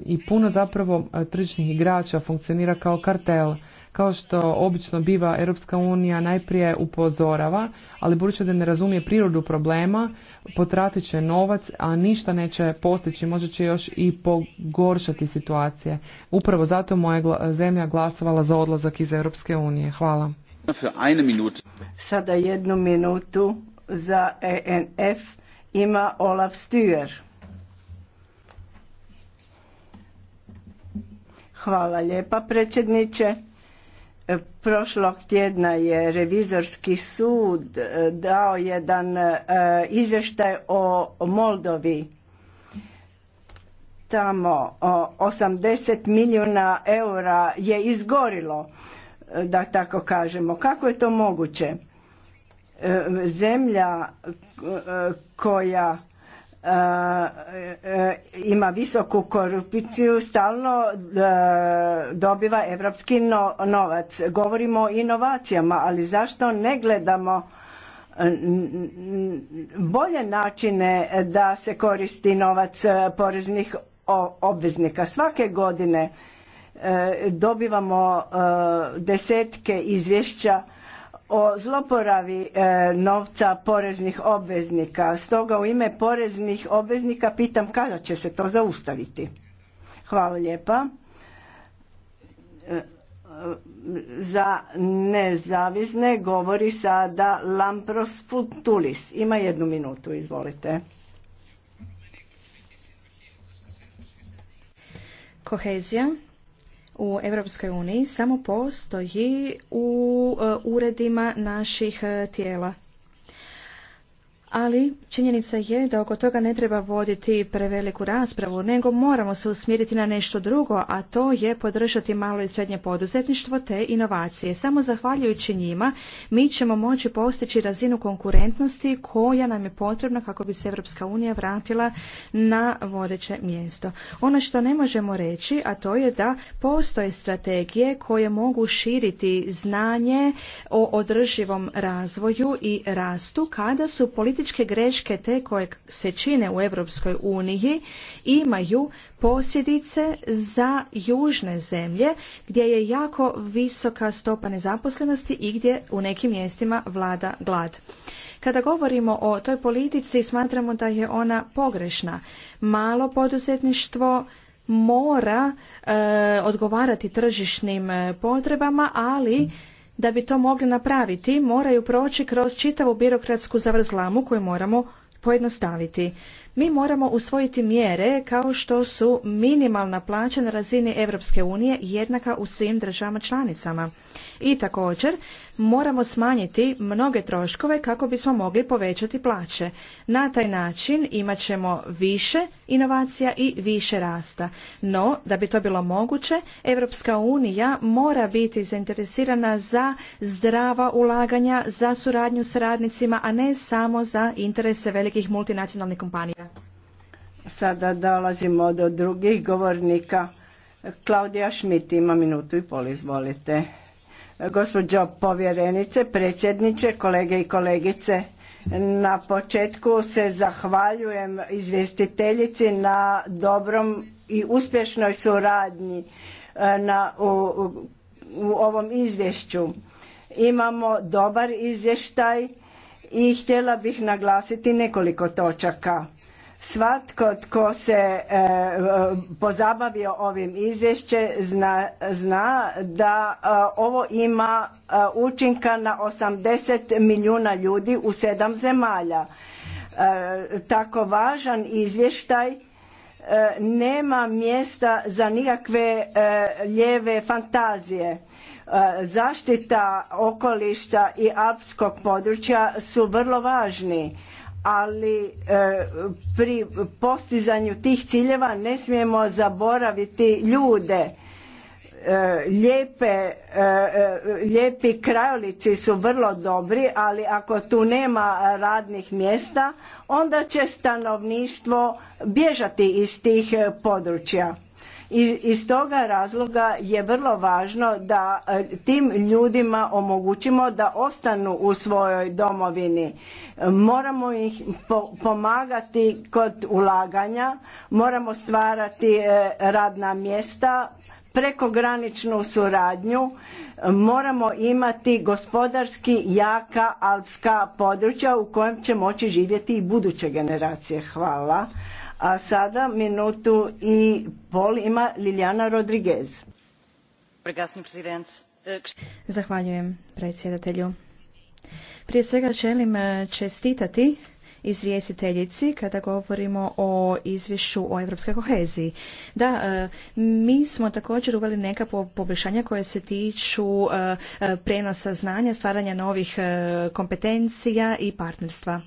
E: I puno zapravo tržišnih igrača funkcionira kao kartel kao što obično biva, Europska unija najprije upozorava, ali budući da ne razumije prirodu problema, potratit će novac, a ništa neće postići, možda će još i pogoršati situacije. Upravo zato moja zemlja glasovala za odlazak iz Europske unije. Hvala. Sada jednu minutu za ENF
D: ima Olaf Stuer. Hvala lijepa predsjedniče. Prošlog tjedna je revizorski sud e, dao jedan e, izvještaj o Moldovi. Tamo 80 milijuna eura je izgorilo, e, da tako kažemo. Kako je to moguće? Zemlja koja Eh, ima visoku korupciju, stalno eh, dobiva evropski novac. Govorimo o inovacijama, ali zašto ne gledamo eh, bolje načine da se koristi novac poreznih obveznika. Svake godine dobivamo desetke izvješća o zloporavi e, novca poreznih obveznika. Stoga u ime poreznih obveznika pitam kada će se to zaustaviti. Hvala lijepa. E, e, za nezavisne govori sada Lampros Futulis. Ima jednu minutu,
F: izvolite. Kohezija u Europskoj uniji samo postoji u e, uredima naših e, tijela ali činjenica je da oko toga ne treba voditi preveliku raspravu, nego moramo se usmjeriti na nešto drugo, a to je podržati malo i srednje poduzetništvo te inovacije. Samo zahvaljujući njima mi ćemo moći postići razinu konkurentnosti koja nam je potrebna kako bi se Europska unija vratila na vodeće mjesto. Ono što ne možemo reći, a to je da postoje strategije koje mogu širiti znanje o održivom razvoju i rastu kada su politički političke greške te koje se čine u Europskoj uniji imaju posljedice za južne zemlje gdje je jako visoka stopa nezaposlenosti i gdje u nekim mjestima vlada glad. Kada govorimo o toj politici smatramo da je ona pogrešna. Malo poduzetništvo mora e, odgovarati tržišnim potrebama, ali da bi to mogli napraviti moraju proći kroz čitavu birokratsku zavrzlamu koju moramo pojednostaviti. Mi moramo usvojiti mjere kao što su minimalna plaća na razini Europske unije jednaka u svim državama članicama. I također moramo smanjiti mnoge troškove kako bismo mogli povećati plaće. Na taj način imat ćemo više inovacija i više rasta. No, da bi to bilo moguće, Europska unija mora biti zainteresirana za zdrava ulaganja, za suradnju s radnicima, a ne samo za interese velikih multinacionalnih kompanija.
D: Sada dolazimo do drugih govornika. Klaudija Šmit ima minutu i pol, izvolite. Gospođo povjerenice, predsjedniče, kolege i kolegice, na početku se zahvaljujem izvjestiteljici na dobrom i uspješnoj suradnji e, na, u, u ovom izvješću. Imamo dobar izvještaj i htjela bih naglasiti nekoliko točaka Svatko tko se e, pozabavio ovim izvješćem zna, da e, ovo ima e, učinka na 80 milijuna ljudi u sedam zemalja. tako važan izvještaj nema mjesta za nikakve ljeve fantazije. Zaštita okolišta i alpskog područja su vrlo važni ali e, pri postizanju tih ciljeva ne smijemo zaboraviti ljude. E, lijepe, e, lijepi krajolici su vrlo dobri, ali ako tu nema radnih mjesta, onda će stanovništvo bježati iz tih područja. I iz toga razloga je vrlo važno da e, tim ljudima omogućimo da ostanu u svojoj domovini. Moramo ih pomagati kod ulaganja, moramo stvarati e, radna mjesta, prekograničnu suradnju, moramo imati gospodarski jaka alpska područja u kojem će moći živjeti i buduće generacije. Hvala. A sada minutu i pol ima Liljana Rodriguez.
F: E, Zahvaljujem predsjedatelju. Prije svega želim e, čestitati izvjestiteljici kada govorimo o izvješću o europskoj koheziji. Da, e, mi smo također uveli neka poboljšanja koje se tiču prenosa znanja, stvaranja novih kompetencija i partnerstva.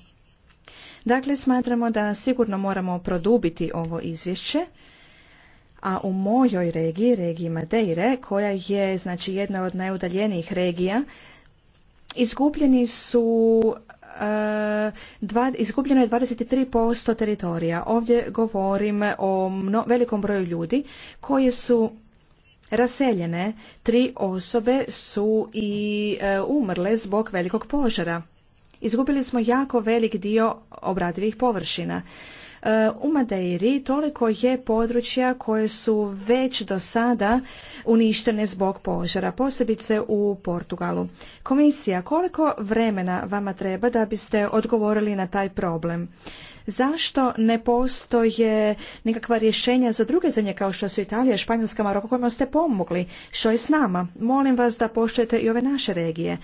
F: Dakle, smatramo da sigurno moramo produbiti ovo izvješće a u mojoj regiji, regiji Madeire, koja je znači jedna od najudaljenijih regija, izgubljeni su e, dva, izgubljeno je 23% teritorija. Ovdje govorim o mno, velikom broju ljudi koje su raseljene. Tri osobe su i e, umrle zbog velikog požara. Izgubili smo jako velik dio obradivih površina. E, u Madeiri toliko je područja koje su već do sada uništene zbog požara, posebice u Portugalu. Komisija, koliko vremena vama treba da biste odgovorili na taj problem? Zašto ne postoje nekakva rješenja za druge zemlje kao što su Italija, Španjolska, Maroko kojima ste pomogli? Što je s nama? Molim vas da poštujete i ove naše regije.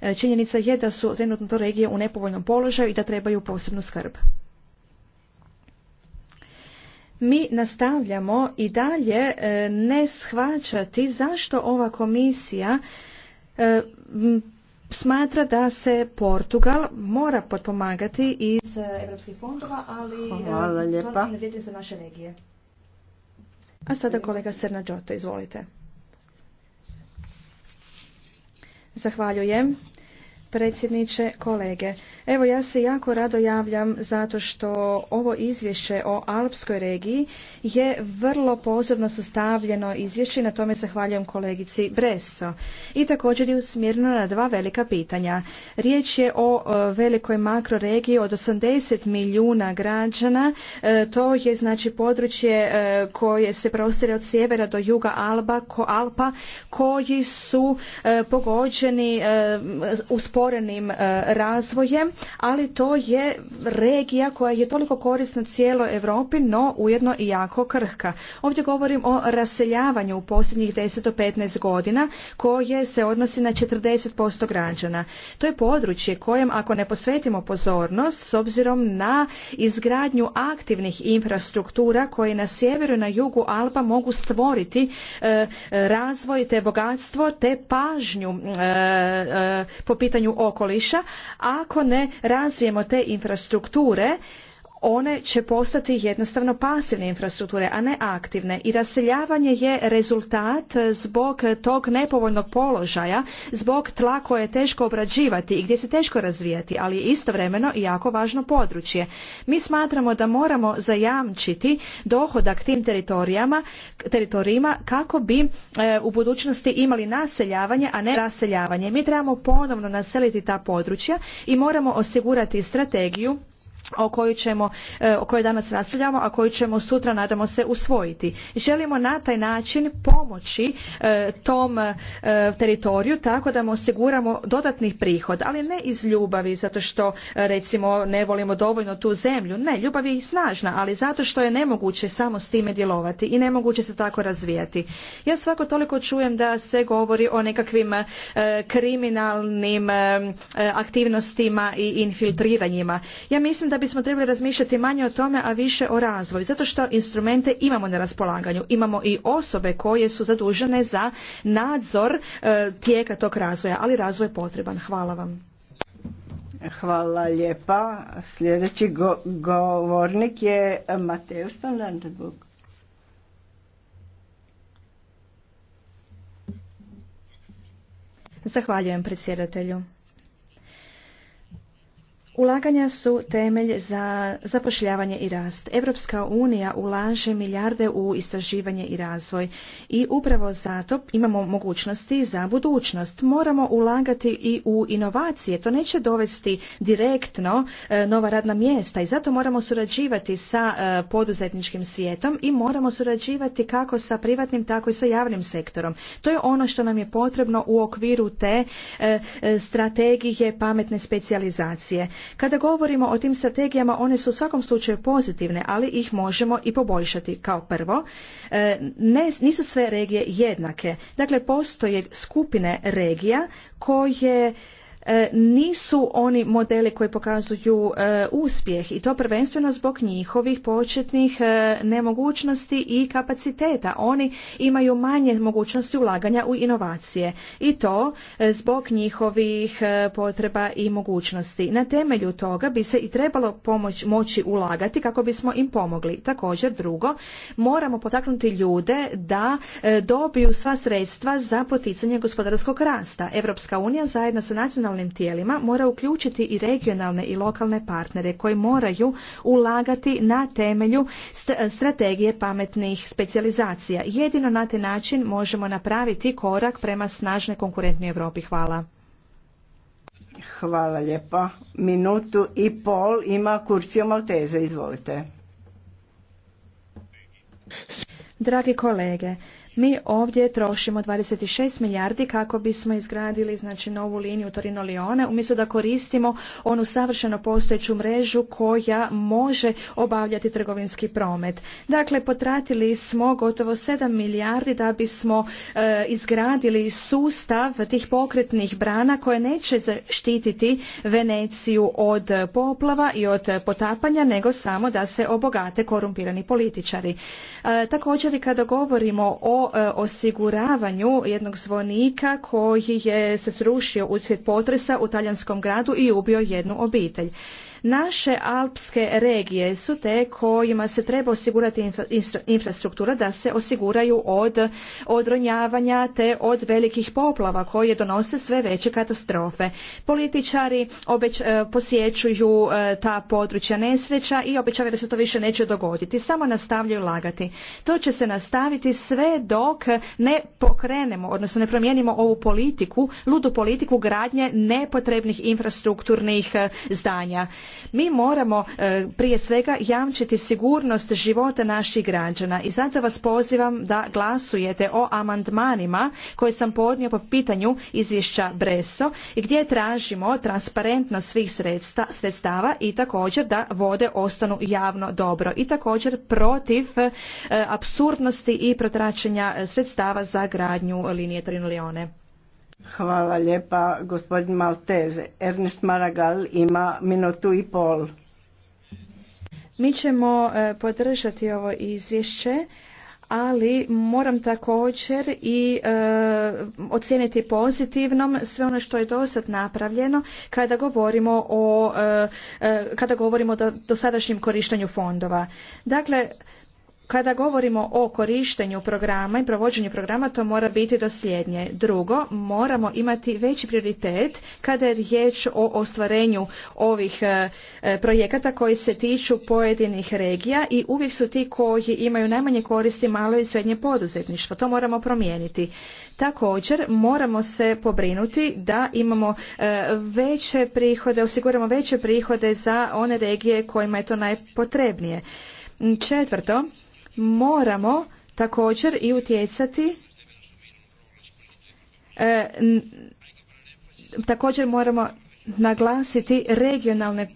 F: E, činjenica je da su trenutno to regije u nepovoljnom položaju i da trebaju posebnu skrb. Mi nastavljamo i dalje e, ne shvaćati zašto ova komisija e, smatra da se Portugal mora potpomagati iz e, evropskih fondova, ali e, to ne vidi za naše regije. A sada kolega Serna izvolite. Zahvaljujem predsjedniče, kolege. Evo ja se jako rado javljam zato što ovo izvješće o Alpskoj regiji je vrlo pozorno sastavljeno izvješće i na tome zahvaljujem kolegici Breso. I također je usmjereno na dva velika pitanja. Riječ je o e, velikoj makroregiji od 80 milijuna građana. E, to je znači područje e, koje se prostire od sjevera do juga Alba, ko Alpa koji su pogođeni usporenim razvojem ali to je regija koja je toliko korisna cijeloj Europi, no ujedno i jako krhka. Ovdje govorim o raseljavanju u posljednjih 10 do 15 godina koje se odnosi na 40% građana. To je područje kojem ako ne posvetimo pozornost s obzirom na izgradnju aktivnih infrastruktura koje na sjeveru i na jugu Alba mogu stvoriti e, razvoj te bogatstvo te pažnju e, e, po pitanju okoliša ako ne razvijemo te infrastrukture one će postati jednostavno pasivne infrastrukture, a ne aktivne. I raseljavanje je rezultat zbog tog nepovoljnog položaja, zbog tla koje je teško obrađivati i gdje se teško razvijati, ali istovremeno i jako važno područje. Mi smatramo da moramo zajamčiti dohodak tim teritorijima kako bi e, u budućnosti imali naseljavanje, a ne raseljavanje. Mi trebamo ponovno naseliti ta područja i moramo osigurati strategiju o kojoj ćemo, e, o kojoj danas raspravljamo, a koju ćemo sutra nadamo se usvojiti. Želimo na taj način pomoći e, tom e, teritoriju tako da mu osiguramo dodatni prihod, ali ne iz ljubavi zato što recimo ne volimo dovoljno tu zemlju. Ne, ljubav je i snažna, ali zato što je nemoguće samo s time djelovati i nemoguće se tako razvijati. Ja svako toliko čujem da se govori o nekakvim kriminalnim aktivnostima i infiltriranjima. Ja mislim da bismo trebali razmišljati manje o tome, a više o razvoju, zato što instrumente imamo na raspolaganju. Imamo i osobe koje su zadužene za nadzor e, tijeka tog razvoja, ali razvoj je potreban. Hvala vam.
D: Hvala lijepa. Sljedeći govornik je Mateo
F: Zahvaljujem predsjedatelju. Ulaganja su temelj za zapošljavanje i rast. Europska unija ulaže milijarde u istraživanje i razvoj i upravo zato imamo mogućnosti za budućnost. Moramo ulagati i u inovacije. To neće dovesti direktno e, nova radna mjesta i zato moramo surađivati sa e, poduzetničkim svijetom i moramo surađivati kako sa privatnim, tako i sa javnim sektorom. To je ono što nam je potrebno u okviru te e, strategije pametne specijalizacije kada govorimo o tim strategijama, one su u svakom slučaju pozitivne, ali ih možemo i poboljšati. Kao prvo, e, nisu sve regije jednake. Dakle, postoje skupine regija koje E, nisu oni modeli koji pokazuju e, uspjeh i to prvenstveno zbog njihovih početnih e, nemogućnosti i kapaciteta. Oni imaju manje mogućnosti ulaganja u inovacije i to zbog njihovih potreba i mogućnosti. Na temelju toga bi se i trebalo pomoć, moći ulagati kako bismo im pomogli. Također drugo, moramo potaknuti ljude da dobiju sva sredstva za poticanje gospodarskog rasta. Europska unija zajedno sa nacionalnim nacionalnim tijelima mora uključiti i regionalne i lokalne partnere koji moraju ulagati na temelju strategije pametnih specijalizacija. Jedino na taj način možemo napraviti korak prema snažnoj konkurentnoj Europi. Hvala.
D: Hvala lijepa. Minutu i pol ima Kurcio Malteze. Izvolite.
F: Dragi kolege, mi ovdje trošimo 26 milijardi kako bismo izgradili znači novu liniju Torino Lione umjesto da koristimo onu savršeno postojeću mrežu koja može obavljati trgovinski promet. Dakle, potratili smo gotovo 7 milijardi da bismo e, izgradili sustav tih pokretnih brana koje neće zaštititi Veneciju od poplava i od potapanja nego samo da se obogate korumpirani političari. E, također i kada govorimo o E, osiguravanju jednog zvonika koji je se srušio uslijed potresa u talijanskom gradu i ubio jednu obitelj. Naše alpske regije su te kojima se treba osigurati infrastruktura da se osiguraju od odronjavanja te od velikih poplava koje donose sve veće katastrofe. Političari e, posjećuju e, ta područja nesreća i obećavaju da se to više neće dogoditi. Samo nastavljaju lagati. To će se nastaviti sve dok ne pokrenemo, odnosno ne promijenimo ovu politiku, ludu politiku gradnje nepotrebnih infrastrukturnih e, zdanja. Mi moramo e, prije svega jamčiti sigurnost života naših građana i zato vas pozivam da glasujete o amandmanima koje sam podnio po pitanju izvješća Breso i gdje tražimo transparentnost svih sredstava i također da vode ostanu javno dobro i također protiv e, apsurdnosti i protračenja sredstava za gradnju linije Torino
D: Hvala lijepa, gospodin Malteze. Ernest Maragal ima minutu i pol.
F: Mi ćemo e, podržati ovo izvješće ali moram također i e, ocijeniti pozitivnom sve ono što je dosad napravljeno kada govorimo o e, e, kada govorimo o dosadašnjem korištenju fondova. Dakle, kada govorimo o korištenju programa i provođenju programa, to mora biti dosljednje. Drugo, moramo imati veći prioritet kada je riječ o ostvarenju ovih e, e, projekata koji se tiču pojedinih regija i uvijek su ti koji imaju najmanje koristi malo i srednje poduzetništvo. To moramo promijeniti. Također, moramo se pobrinuti da imamo e, veće prihode, osiguramo veće prihode za one regije kojima je to najpotrebnije. Četvrto, moramo također i utjecati e, također moramo naglasiti regionalne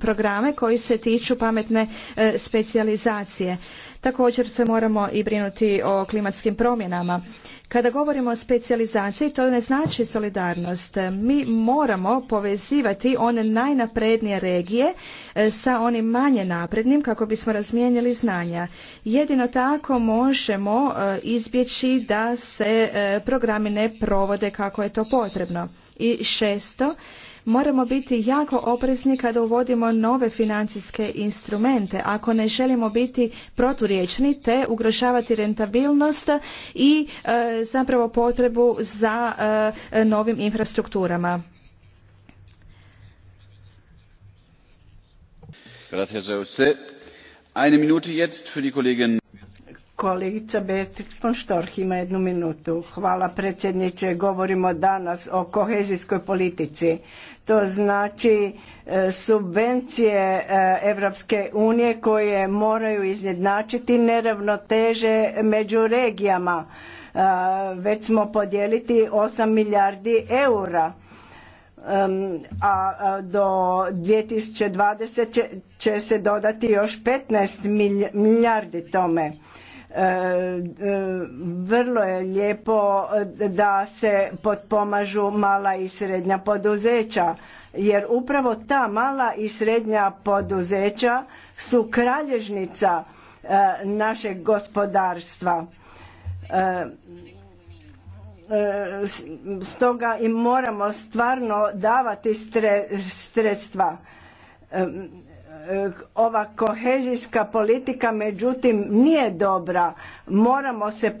F: programe koji se tiču pametne e, specijalizacije. Također se moramo i brinuti o klimatskim promjenama. Kada govorimo o specijalizaciji, to ne znači solidarnost. Mi moramo povezivati one najnaprednije regije e, sa onim manje naprednim kako bismo razmijenili znanja. Jedino tako možemo e, izbjeći da se e, programi ne provode kako je to potrebno. I šesto, Moramo biti jako oprezni kada uvodimo nove financijske instrumente ako ne želimo biti proturječni te ugrožavati rentabilnost i e, zapravo potrebu za e, novim infrastrukturama.
D: Kolegica Beatrix von Storch ima jednu minutu. Hvala predsjedniče, govorimo danas o kohezijskoj politici. To znači e, subvencije e, Evropske unije koje moraju izjednačiti neravnoteže među regijama. E, već smo podijeliti 8 milijardi eura a do 2020 će se dodati još 15 milijardi tome E, e, vrlo je lijepo da se potpomažu mala i srednja poduzeća jer upravo ta mala i srednja poduzeća su kralježnica e, našeg gospodarstva. Stoga im moramo stvarno davati sredstva ova kohezijska politika međutim nije dobra. Moramo se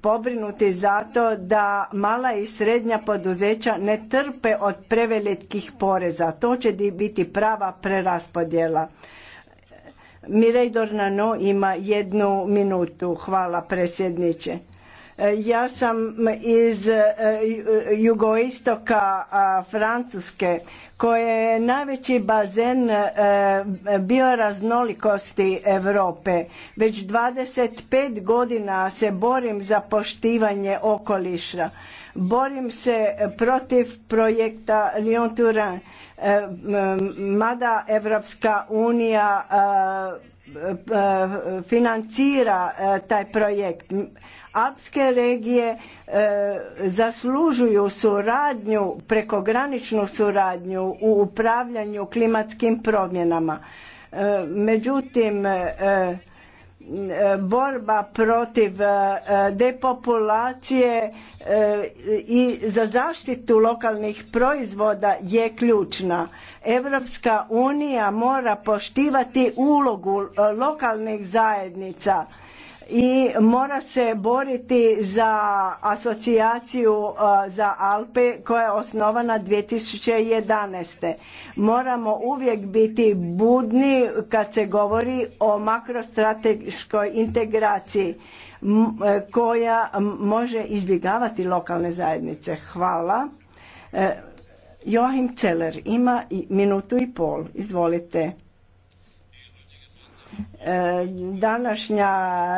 D: pobrinuti za to da mala i srednja poduzeća ne trpe od prevelikih poreza. To će biti prava preraspodjela. Mirej Dornano ima jednu minutu. Hvala predsjedniče. Ja sam iz e, jugoistoka Francuske koje je najveći bazen e, bioraznolikosti Europe. Već 25 godina se borim za poštivanje okoliša. Borim se protiv projekta Lyon Turin. E, mada Evropska unija financira taj projekt Alpske regije e, zaslužuju suradnju, prekograničnu suradnju u upravljanju klimatskim promjenama. E, međutim, e, borba protiv depopulacije i za zaštitu lokalnih proizvoda je ključna. Evropska unija mora poštivati ulogu lokalnih zajednica i mora se boriti za asocijaciju e, za Alpe koja je osnovana 2011. Moramo uvijek biti budni kad se govori o makrostrateškoj integraciji e, koja može izbjegavati lokalne zajednice. Hvala. E, Joachim Celer ima minutu i pol. Izvolite. E, današnja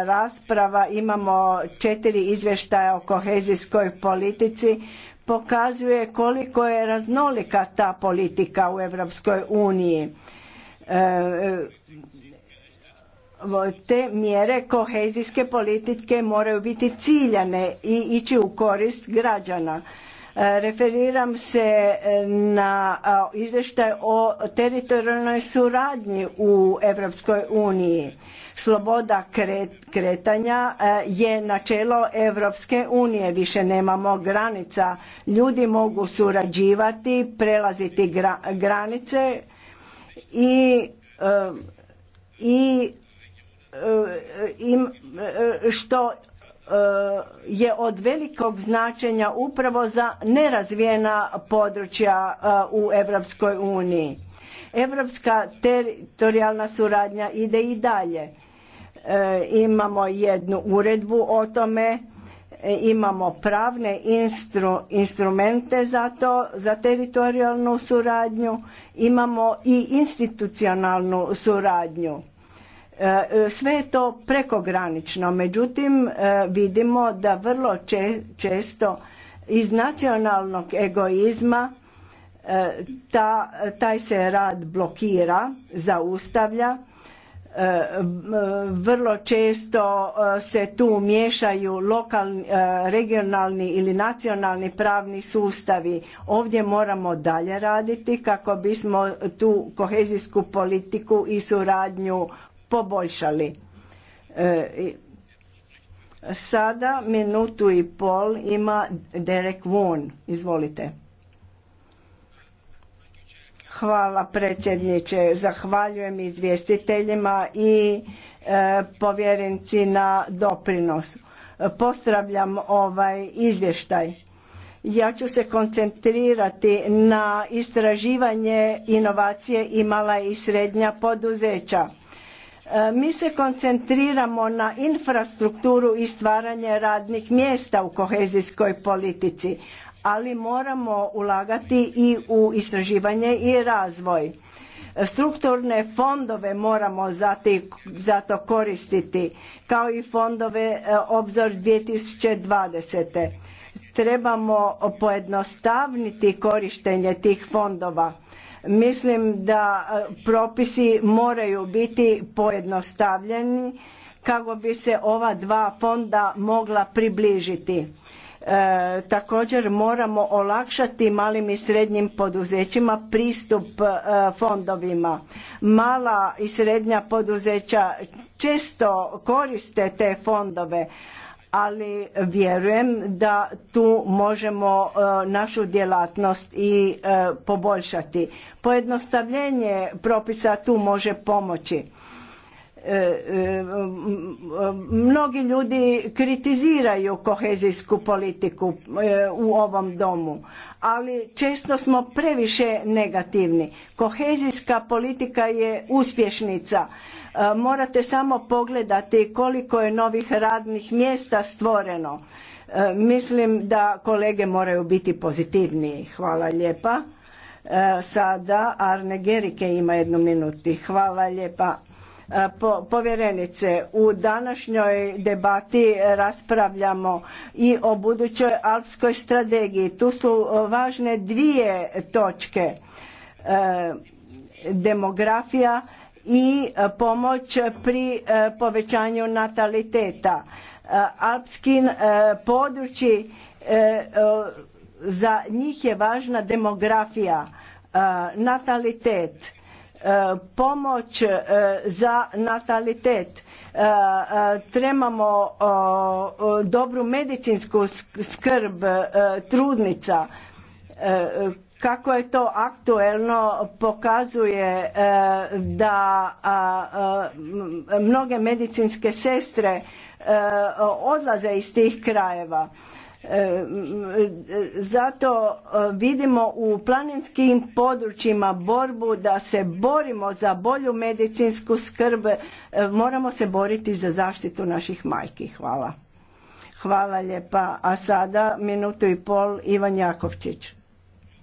D: rasprava imamo četiri izvještaja o kohezijskoj politici pokazuje koliko je raznolika ta politika u Europskoj uniji. E, te mjere kohezijske politike moraju biti ciljane i ići u korist građana Referiram se e, na izvještaj o teritorijalnoj suradnji u Europskoj uniji. Sloboda kretanja e, je načelo Europske unije, više nemamo granica. Ljudi mogu surađivati, prelaziti granice i e, što E, je od velikog značenja upravo za nerazvijena područja e, u Europskoj uniji. Europska teritorijalna suradnja ide i dalje. E, imamo jednu uredbu o tome, imamo pravne instrumente za to, za teritorijalnu suradnju, imamo i institucionalnu suradnju E, e, sve je to prekogranično, međutim e, vidimo da vrlo često iz nacionalnog egoizma taj se rad blokira, zaustavlja, vrlo često se tu miješaju lokalni, regionalni ili nacionalni pravni sustavi. Ovdje moramo dalje raditi kako bismo tu kohezijsku politiku i suradnju poboljšali. E, sada minutu i pol ima Derek Woon. Izvolite. Hvala predsjedniče. Zahvaljujem izvjestiteljima i e, povjerenci na doprinos. Pozdravljam ovaj izvještaj. Ja ću se koncentrirati na istraživanje inovacije i mala i srednja poduzeća E, mi se koncentriramo na infrastrukturu i stvaranje radnih mjesta u kohezijskoj politici, ali moramo ulagati i u istraživanje i razvoj. Strukturne fondove moramo za zato koristiti, kao i fondove e, Obzor 2020. Trebamo pojednostavniti korištenje tih fondova Mislim da e, propisi moraju biti pojednostavljeni kako bi se ova dva fonda mogla približiti. E, također moramo olakšati malim i srednjim poduzećima pristup e, fondovima. Mala i srednja poduzeća često koriste te fondove, ali vjerujem da tu možemo e, našu djelatnost i e, poboljšati. Pojednostavljenje propisa tu može pomoći. E, mnogi ljudi kritiziraju kohezijsku politiku u ovom domu, ali često smo previše negativni. Kohezijska politika je uspješnica E, morate samo pogledati koliko je novih radnih mjesta stvoreno. E, mislim da kolege moraju biti pozitivniji. Hvala lijepa. E, sada Arne Gerike ima jednu minuti. Hvala lijepa. povjerenice, u današnjoj debati raspravljamo i o budućoj alpskoj strategiji. Tu su važne dvije točke. demografija i e, pomoć pri e, povećanju nataliteta. E, Alpski područji za njih je važna demografija, natalitet, pomoć za natalitet. Trebamo dobru medicinsku skrb trudnica kako je to aktuelno pokazuje e, da mnoge medicinske sestre e, odlaze iz tih krajeva. E, zato vidimo u planinskim područjima borbu da se borimo za bolju medicinsku skrb, moramo se boriti za zaštitu naših majki. Hvala. Hvala lijepa. A sada minutu i pol Ivan Jakovčić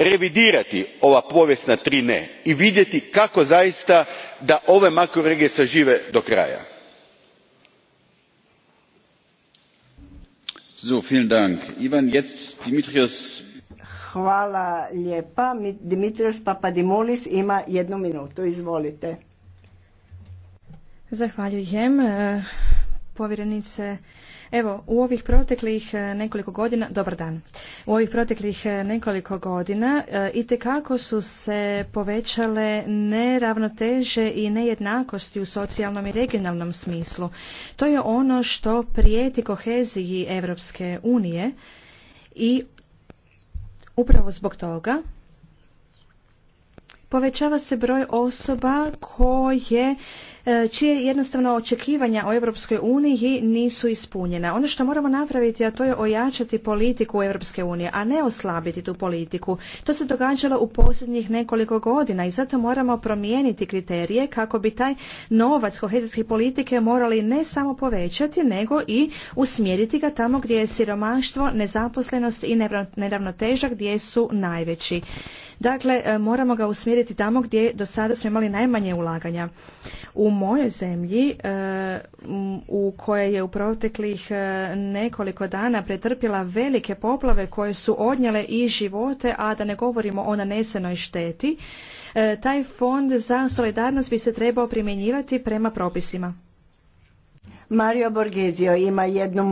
G: revidirati ova povijesna tri ne i vidjeti kako zaista da ove makroregije sažive do kraja.
D: Hvala lijepa. Dimitrios Papadimolis ima jednu minutu. Izvolite.
F: Zahvaljujem. E, povjerenice Evo, u ovih proteklih e, nekoliko godina, dobar dan, u ovih proteklih e, nekoliko godina e, i su se povećale neravnoteže i nejednakosti u socijalnom i regionalnom smislu. To je ono što prijeti koheziji Europske unije i upravo zbog toga povećava se broj osoba koje E, čije jednostavno očekivanja o Europskoj uniji nisu ispunjena. Ono što moramo napraviti, a to je ojačati politiku Europske unije, a ne oslabiti tu politiku. To se događalo u posljednjih nekoliko godina i zato moramo promijeniti kriterije kako bi taj novac kohezijske politike morali ne samo povećati, nego i usmjeriti ga tamo gdje je siromaštvo, nezaposlenost i neravnoteža gdje su najveći. Dakle, e, moramo ga usmjeriti tamo gdje do sada smo imali najmanje ulaganja. U mojoj zemlji, e, u kojoj je u proteklih e, nekoliko dana pretrpjela velike poplave koje su odnjele i živote, a da ne govorimo o nanesenoj šteti, taj fond za solidarnost bi se trebao primjenjivati prema propisima. Mario ima jednu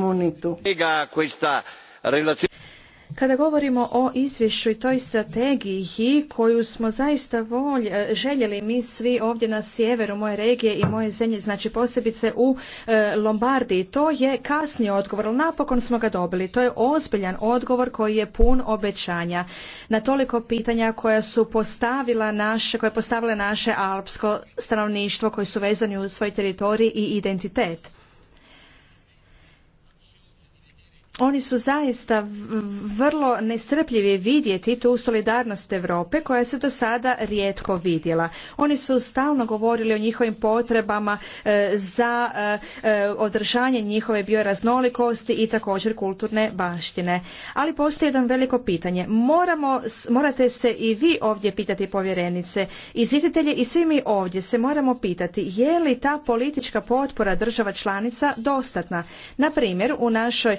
F: kada govorimo o izvješću i toj strategiji koju smo zaista volj, e, željeli mi svi ovdje na sjeveru moje regije i moje zemlje, znači posebice u e, Lombardiji, to je kasni odgovor, ali napokon smo ga dobili. To je ozbiljan odgovor koji je pun obećanja na toliko pitanja koja su postavila naše, koje postavile naše alpsko stanovništvo koji su vezani u svoj teritorij i identitet. oni su zaista vrlo nestrpljivi vidjeti tu solidarnost Europe koja se do sada rijetko vidjela. Oni su stalno govorili o njihovim potrebama e, za e, e, održanje njihove bioraznolikosti i također kulturne baštine. Ali postoji jedno veliko pitanje. morate se i vi ovdje pitati povjerenice, izvjetitelje i svi mi ovdje se moramo pitati je li ta politička potpora država članica dostatna. Na primjer, u našoj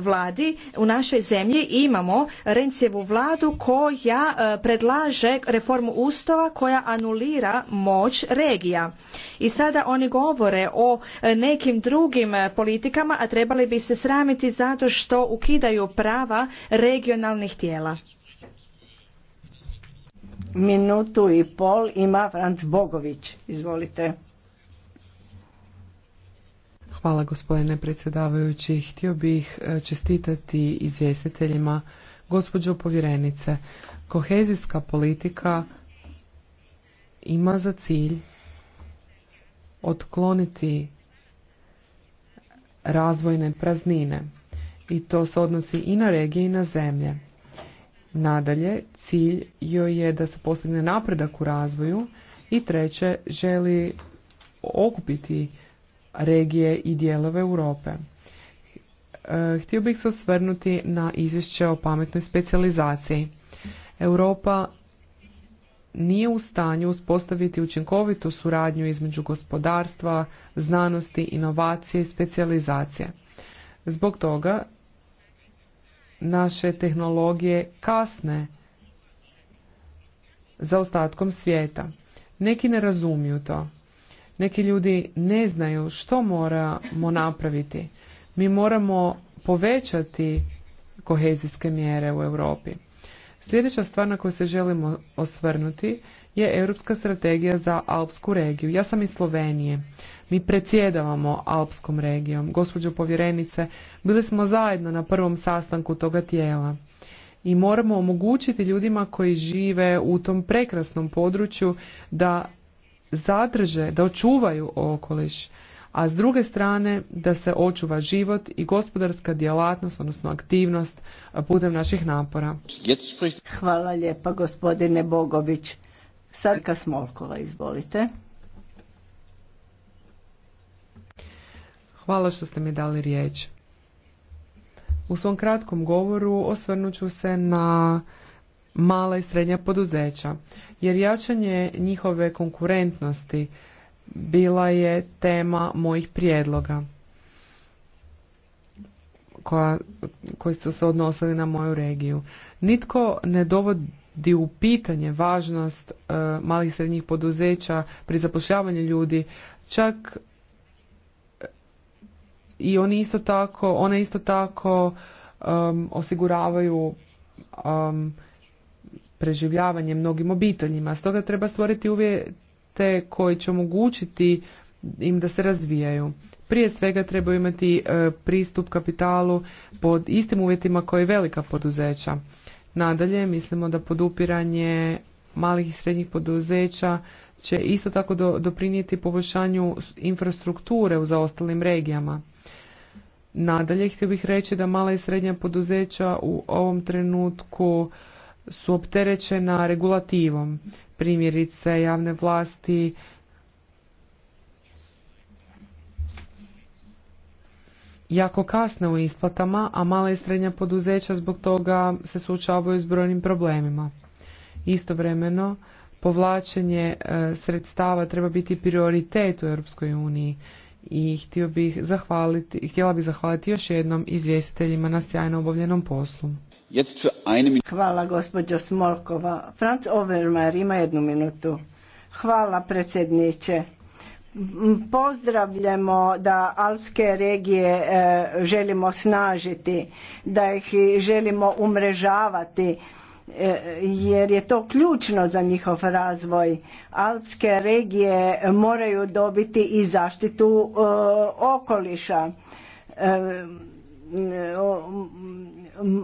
F: vladi u našoj zemlji imamo Renzijevu vladu koja e, predlaže reformu Ustava koja anulira moć regija. I sada oni govore o e, nekim drugim e, politikama, a trebali bi se sramiti zato što ukidaju prava regionalnih tijela.
D: Minutu i pol ima Franc Bogović. Izvolite.
E: Hvala gospodine predsjedavajući. Htio bih e, čestitati izvjestiteljima. Gospođo povjerenice, kohezijska politika ima za cilj otkloniti razvojne praznine i to se odnosi i na regije i na zemlje. Nadalje, cilj joj je da se postigne napredak u razvoju i treće, želi okupiti regije i dijelove Europe. E, htio bih se osvrnuti na izvješće o pametnoj specijalizaciji. Europa nije u stanju uspostaviti učinkovitu suradnju između gospodarstva, znanosti, inovacije i specijalizacije. Zbog toga naše tehnologije kasne za ostatkom svijeta. Neki ne razumiju to. Neki ljudi ne znaju što moramo napraviti. Mi moramo povećati kohezijske mjere u Europi. Sljedeća stvar na koju se želimo osvrnuti je Europska strategija za Alpsku regiju. Ja sam iz Slovenije. Mi predsjedavamo Alpskom regijom. Gospođo povjerenice, bili smo zajedno na prvom sastanku toga tijela. I moramo omogućiti ljudima koji žive u tom prekrasnom području da zadrže, da očuvaju okoliš, a s druge strane da se očuva život i gospodarska djelatnost, odnosno aktivnost putem naših napora.
D: Hvala lijepa gospodine Bogović. Sarka Smolkova, izvolite.
E: Hvala što ste mi dali riječ. U svom kratkom govoru osvrnuću se na mala i srednja poduzeća jer jačanje njihove konkurentnosti bila je tema mojih prijedloga koji su se odnosili na moju regiju. Nitko ne dovodi u pitanje važnost e, malih i srednjih poduzeća pri zapošljavanju ljudi, čak i oni isto tako, one isto tako osiguravaju preživljavanje mnogim obiteljima. Stoga treba stvoriti uvjete koji će omogućiti im da se razvijaju. Prije svega trebaju imati e, pristup kapitalu pod istim uvjetima koje velika poduzeća. Nadalje, mislimo da podupiranje malih i srednjih poduzeća će isto tako doprinijeti poboljšanju infrastrukture u zaostalim regijama. Nadalje, htio bih reći da mala i srednja poduzeća u ovom trenutku su opterećena regulativom, primjerice javne vlasti, jako kasne u isplatama, a mala i srednja poduzeća zbog toga se suočavaju s brojnim problemima. Istovremeno, povlačenje e, sredstava treba biti prioritet u Europskoj uniji i htio bih zahvaliti, htjela bih zahvaliti još jednom izvjestiteljima na sjajno obavljenom poslu.
G: Hvala
D: gospođo Smolkova. ima jednu minutu. Hvala predsjedniče. Pozdravljamo da alpske regije e, želimo snažiti, da ih želimo umrežavati e, jer je to ključno za njihov razvoj. Alpske regije moraju dobiti i zaštitu e, okoliša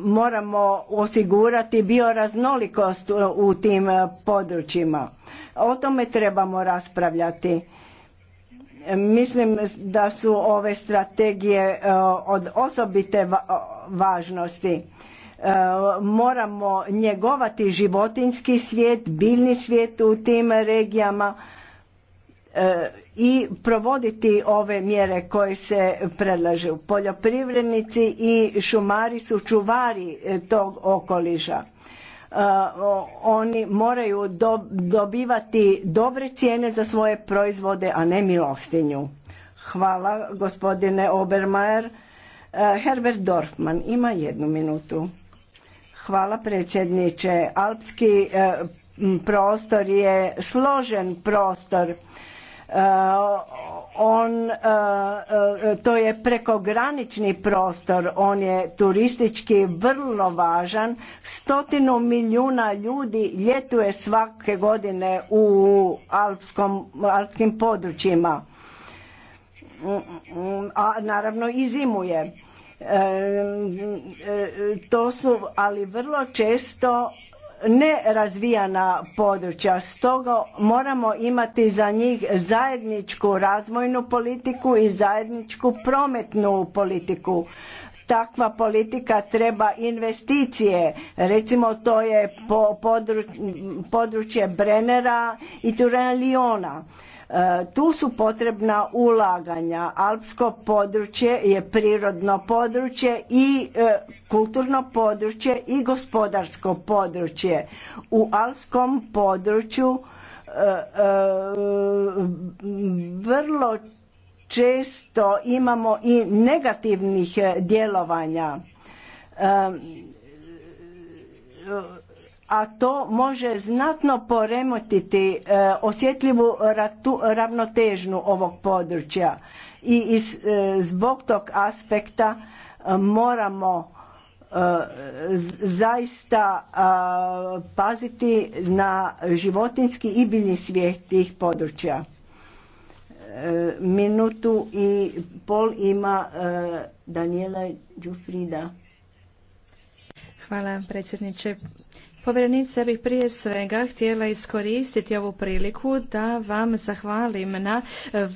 D: moramo osigurati bioraznolikost u tim područjima. O tome trebamo raspravljati. Mislim da su ove strategije e, od osobite važnosti. E, moramo njegovati životinski svijet, biljni svijet u tim regijama E, i provoditi ove mjere koje se predlažu. Poljoprivrednici i šumari su čuvari e, tog okoliša. E, oni moraju dobivati dobre cijene za svoje proizvode, a ne milostinju. Hvala gospodine Obermajer. Herbert Dorfman ima jednu minutu. Hvala predsjedniče. Alpski prostor je složen prostor Eh, on eh, eh, to je prekogranični prostor on je turistički vrlo važan stotinu milijuna ljudi ljetuje svake godine u alpskom, alpskim područjima a naravno i zimuje E, to su ali vrlo često nerazvijana područja. Stoga moramo imati za njih zajedničku razvojnu politiku i zajedničku prometnu politiku. Takva politika treba investicije, recimo to je područje Brennera i Tureliona E, tu su potrebna ulaganja. Alpsko područje je prirodno područje i e, kulturno područje i gospodarsko područje. U alpskom području e, vrlo često imamo i negativnih djelovanja a to može znatno poremotiti e, osjetljivu ravnotežnu ovog područja i e, zbog tog aspekta e, moramo zaista paziti na životinski i biljni svijet tih područja. Minutu i pol ima
F: Daniela Đufrida. Hvala predsjedniče ja bih prije svega htjela iskoristiti ovu priliku da vam zahvalim na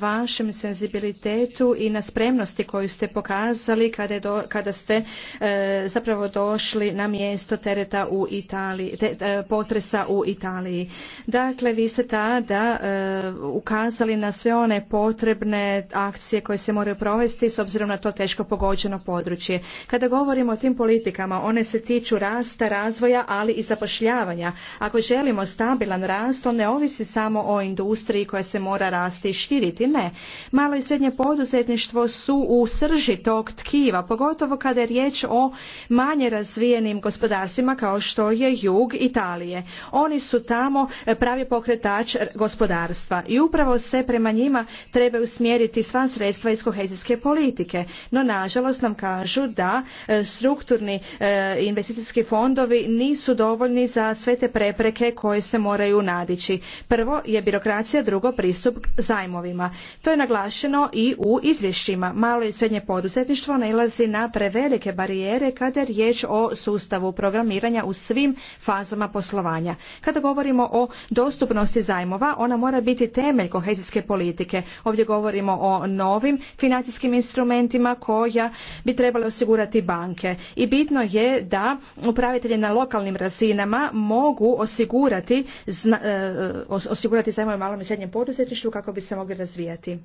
F: vašem senzibilitetu i na spremnosti koju ste pokazali kada, kada ste e, zapravo došli na mjesto tereta u Italiji, e, potresa u Italiji. Dakle, vi ste tada e, ukazali na sve one potrebne akcije koje se moraju provesti s obzirom na to teško pogođeno područje. Kada govorimo o tim politikama, one se tiču rasta, razvoja, ali i za zapošljavanja. Ako želimo stabilan rast, on ne ovisi samo o industriji koja se mora rasti i širiti. Ne. Malo i srednje poduzetništvo su u srži tog tkiva, pogotovo kada je riječ o manje razvijenim gospodarstvima kao što je jug Italije. Oni su tamo e, pravi pokretač gospodarstva i upravo se prema njima trebaju usmjeriti sva sredstva iz kohezijske politike. No, nažalost nam kažu da e, strukturni e, investicijski fondovi nisu dovoljno dovoljni za sve te prepreke koje se moraju nadići. Prvo je birokracija, drugo pristup zajmovima. To je naglašeno i u izvješćima. Malo i srednje poduzetništvo nailazi na prevelike barijere kada je riječ o sustavu programiranja u svim fazama poslovanja. Kada govorimo o dostupnosti zajmova, ona mora biti temelj kohezijske politike. Ovdje govorimo o novim financijskim instrumentima koja bi trebale osigurati banke. I bitno je da upravitelji na lokalnim razinama izmjenama mogu osigurati, zna, e, osigurati zajmove malom i srednjem poduzetništvu kako bi se mogli razvijati.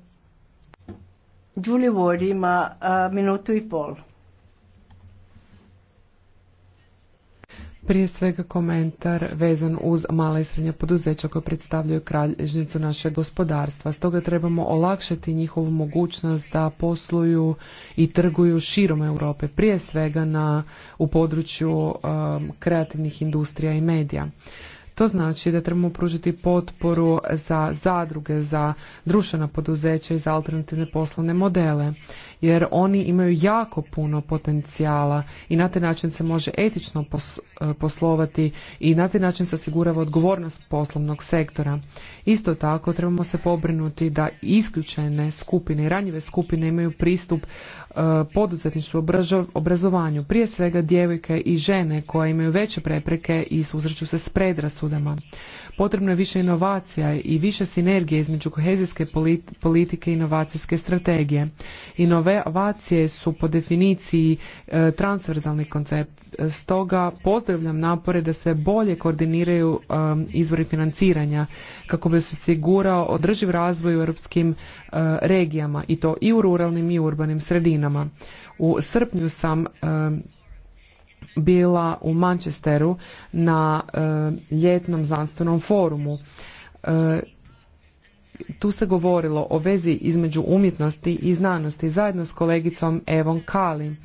D: Julie Ward ima a, e, minutu i
C: pol.
E: Prije svega komentar vezan uz mala i srednja poduzeća koje predstavljaju kralježnicu našeg gospodarstva. Stoga trebamo olakšati njihovu mogućnost da posluju i trguju širom Europe, prije svega na, u području um, kreativnih industrija i medija. To znači da trebamo pružiti potporu za zadruge, za društvena poduzeća i za alternativne poslovne modele jer oni imaju jako puno potencijala i na taj način se može etično e, poslovati i na taj način se osigurava odgovornost poslovnog sektora. Isto tako trebamo se pobrinuti da isključene skupine i ranjive skupine imaju pristup e, poduzetništvu, obrazovanju, prije svega djevojke i žene koje imaju veće prepreke i susreću se s predrasudama. Potrebno je više inovacija i više sinergije između kohezijske politike i inovacijske strategije. Inovacije su po definiciji e, transverzalni koncept. Stoga pozdravljam napore da se bolje koordiniraju izvori financiranja kako bi se osigurao održiv razvoj u europskim e, regijama i to i u ruralnim i urbanim sredinama. U srpnju sam bila u Manchesteru na e, ljetnom znanstvenom forumu. E, tu se govorilo o vezi između umjetnosti i znanosti zajedno s kolegicom Evon Kali.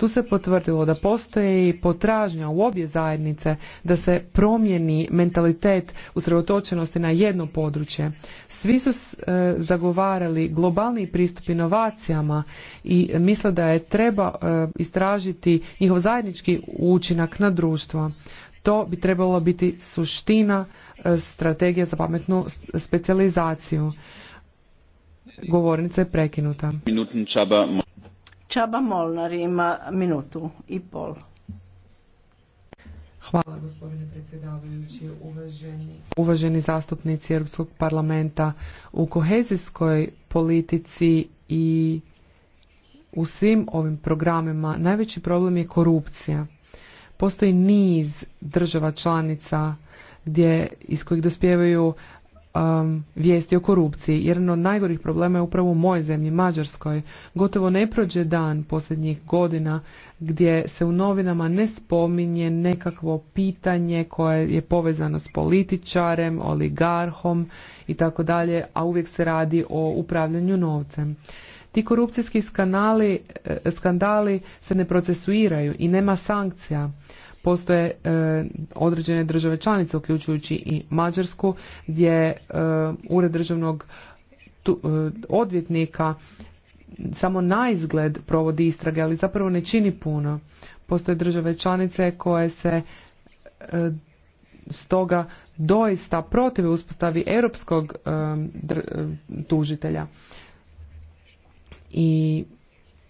E: Tu se potvrdilo da postoje i potražnja u obje zajednice da se promijeni mentalitet usredotočenosti na jedno područje. Svi su e, zagovarali globalni pristup inovacijama i misle da je treba e, istražiti njihov zajednički učinak na društvo. To bi trebalo biti suština e, strategije za pametnu specijalizaciju. Govornica je prekinuta.
D: Čaba Molnar ima minutu i pol.
E: Hvala gospodine predsjedavajući, uvaženi, uvaženi zastupnici Europskog parlamenta. U kohezijskoj politici i u svim ovim programima najveći problem je korupcija. Postoji niz država članica gdje, iz kojih dospijevaju um, vijesti o korupciji. Jedan od najgorih problema je upravo u mojoj zemlji, Mađarskoj. Gotovo ne prođe dan posljednjih godina gdje se u novinama ne spominje nekakvo pitanje koje je povezano s političarem, oligarhom i tako dalje, a uvijek se radi o upravljanju novcem. Ti korupcijski skandali, eh, skandali se ne procesuiraju i nema sankcija. Postoje e, određene države članice, uključujući i Mađarsku, gdje e, Ured državnog e, odvjetnika samo naizgled provodi istrage, ali zapravo ne čini puno. Postoje države članice koje se stoga doista protive uspostavi europskog tužitelja. I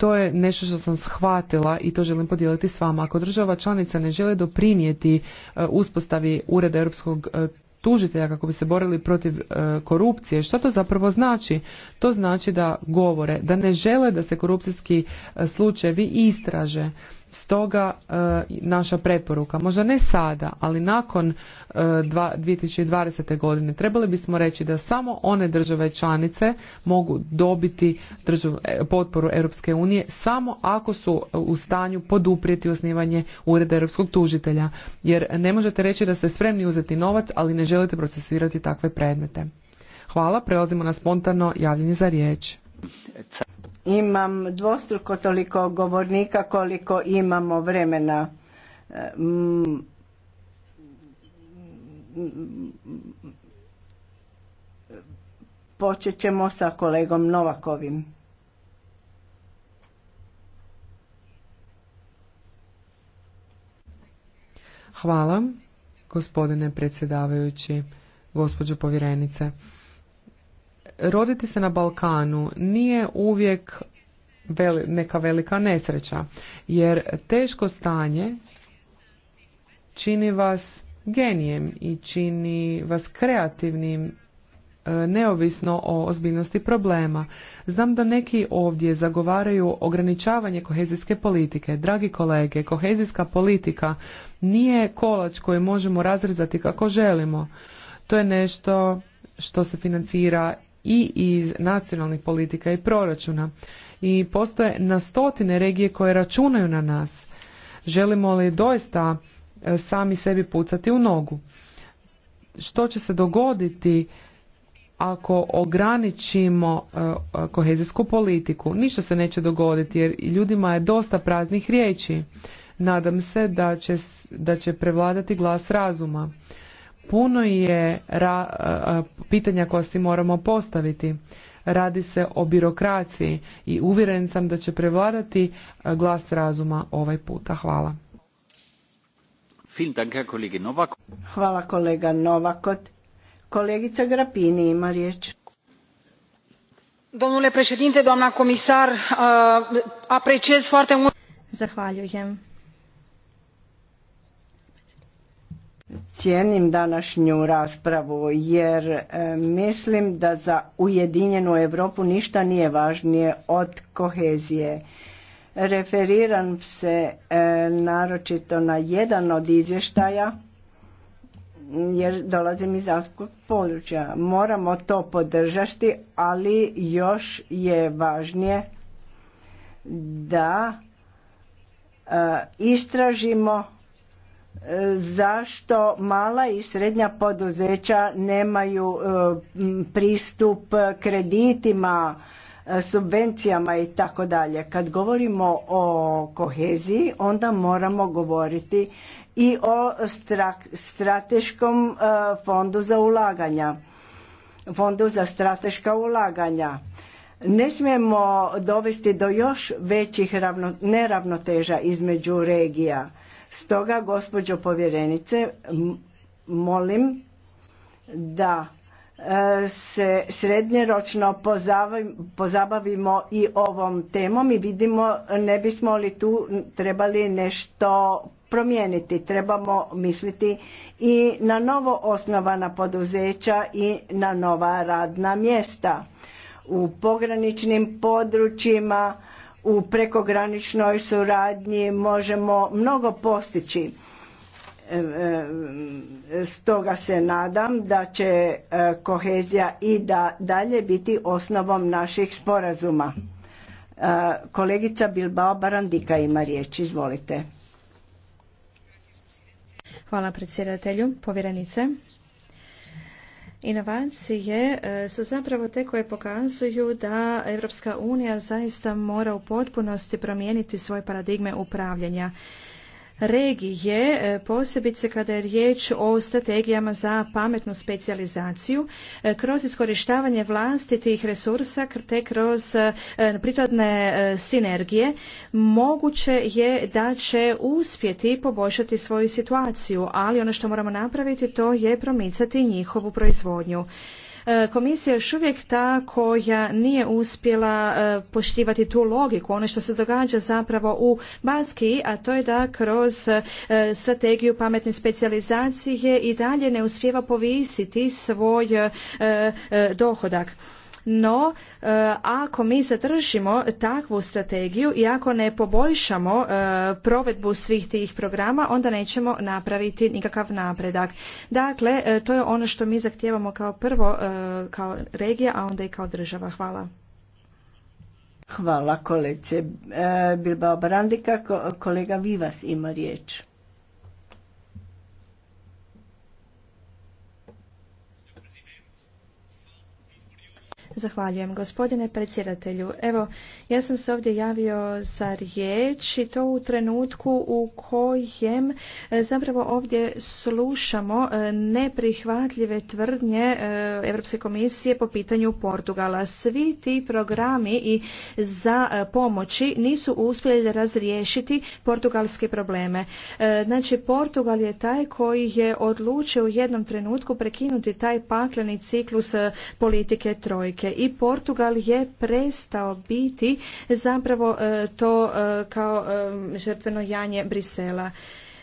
E: to je nešto što sam shvatila i to želim podijeliti s vama. Ako država članica ne žele doprinijeti e, uspostavi Ureda Europskog e, tužitelja kako bi se borili protiv e, korupcije. Što to zapravo znači? To znači da govore da ne žele da se korupcijski slučajevi istraže. Stoga e, naša preporuka, možda ne sada, ali nakon e, dva, 2020. godine trebali bismo reći da samo one države članice mogu dobiti e, potporu Europske unije samo ako su u stanju poduprijeti osnivanje Ureda Europskog tužitelja. Jer ne možete reći da ste spremni uzeti novac, ali ne želite procesirati takve predmete. Hvala, prelazimo na spontano javljanje za riječ.
D: Imam dvostruko toliko govornika koliko imamo vremena. Počet ćemo sa kolegom Novakovim.
E: Hvala, gospodine predsjedavajući, gospođo povjerenice roditi se na Balkanu nije uvijek neka velika nesreća, jer teško stanje čini vas genijem i čini vas kreativnim e, neovisno o ozbiljnosti problema. Znam da neki ovdje zagovaraju ograničavanje kohezijske politike. Dragi kolege, kohezijska politika nije kolač koji možemo razrezati kako želimo. To je nešto što se financira i iz nacionalnih politika i proračuna. I postoje na stotine regije koje računaju na nas. Želimo li doista e, sami sebi pucati u nogu? Što će se dogoditi ako ograničimo e, e, kohezijsku politiku? Ništa se neće dogoditi jer ljudima je dosta praznih riječi. Nadam se da će, da će prevladati glas razuma. Puno je pitanja koja si moramo postaviti. Radi se o birokraciji i uvjeren sam da će prevladati glas razuma ovaj puta. Hvala.
D: Hvala kolega Novakot. Kolegica Grapini ima riječ.
A: Domnule președinte, doamna comisar, apreciez foarte mult...
F: Zahvaljujem.
D: Cijenim današnju raspravu jer e, mislim da za ujedinjenu Europu ništa nije važnije od kohezije. Referiram se e, naročito na jedan od izvještaja jer dolazim iz alpskog područja. Moramo to podržati, ali još je važnije da e, istražimo zašto mala i srednja poduzeća nemaju e, pristup kreditima, e, subvencijama i tako dalje. Kad govorimo o koheziji, onda moramo govoriti i o strateškom e, fondu za ulaganja, fondu za strateška ulaganja. Ne smijemo dovesti do još većih ravno, neravnoteža između regija. Stoga, gospođo povjerenice, molim da e, se srednjeročno pozabavimo i ovom temom i vidimo ne bismo li tu trebali nešto promijeniti. Trebamo misliti i na novo osnovana poduzeća i na nova radna mjesta u pograničnim područjima, u prekograničnoj suradnji možemo mnogo postići. E, e, stoga se nadam da će e, kohezija i da dalje biti osnovom naših sporazuma. Kolegica Bilbao Barandika ima riječ, izvolite.
F: Hvala predsjedatelju, povjerenice. Inovacije e, su zapravo te koje pokazuju da Europska unija zaista mora u potpunosti promijeniti svoje paradigme upravljanja regije, e, posebice kada je riječ o strategijama za pametnu specijalizaciju, e, kroz iskorištavanje vlastitih resursa te kroz e, prikladne sinergije, moguće je da će uspjeti poboljšati svoju situaciju, ali ono što moramo napraviti to je promicati njihovu proizvodnju. E, komisija je još uvijek ta koja nije uspjela e, poštivati tu logiku, ono što se događa zapravo u Baski, a to je da kroz e, strategiju pametne specijalizacije i dalje ne uspijeva povisiti svoj dohodak. No, e, ako mi zadržimo takvu strategiju i ako ne poboljšamo e, provedbu svih tih programa, onda nećemo napraviti nikakav napredak. Dakle, e, to je ono što mi zahtijevamo kao prvo kao regija, a onda i kao država. Hvala.
D: Hvala kolegice
F: Bilbao Barandika.
D: Kolega Vivas ima riječ.
F: Zahvaljujem gospodine predsjedatelju. Evo, ja sam se ovdje javio za riječ i to u trenutku u kojem e, zapravo ovdje slušamo e, neprihvatljive tvrdnje e, Europske komisije po pitanju Portugala. Svi ti programi i za pomoći nisu uspjeli razriješiti portugalske probleme. Znači, Portugal je taj koji je odlučio u jednom trenutku prekinuti taj pakleni ciklus politike trojke i Portugal je prestao biti zapravo e, to e, kao e, žrtveno janje Brisela.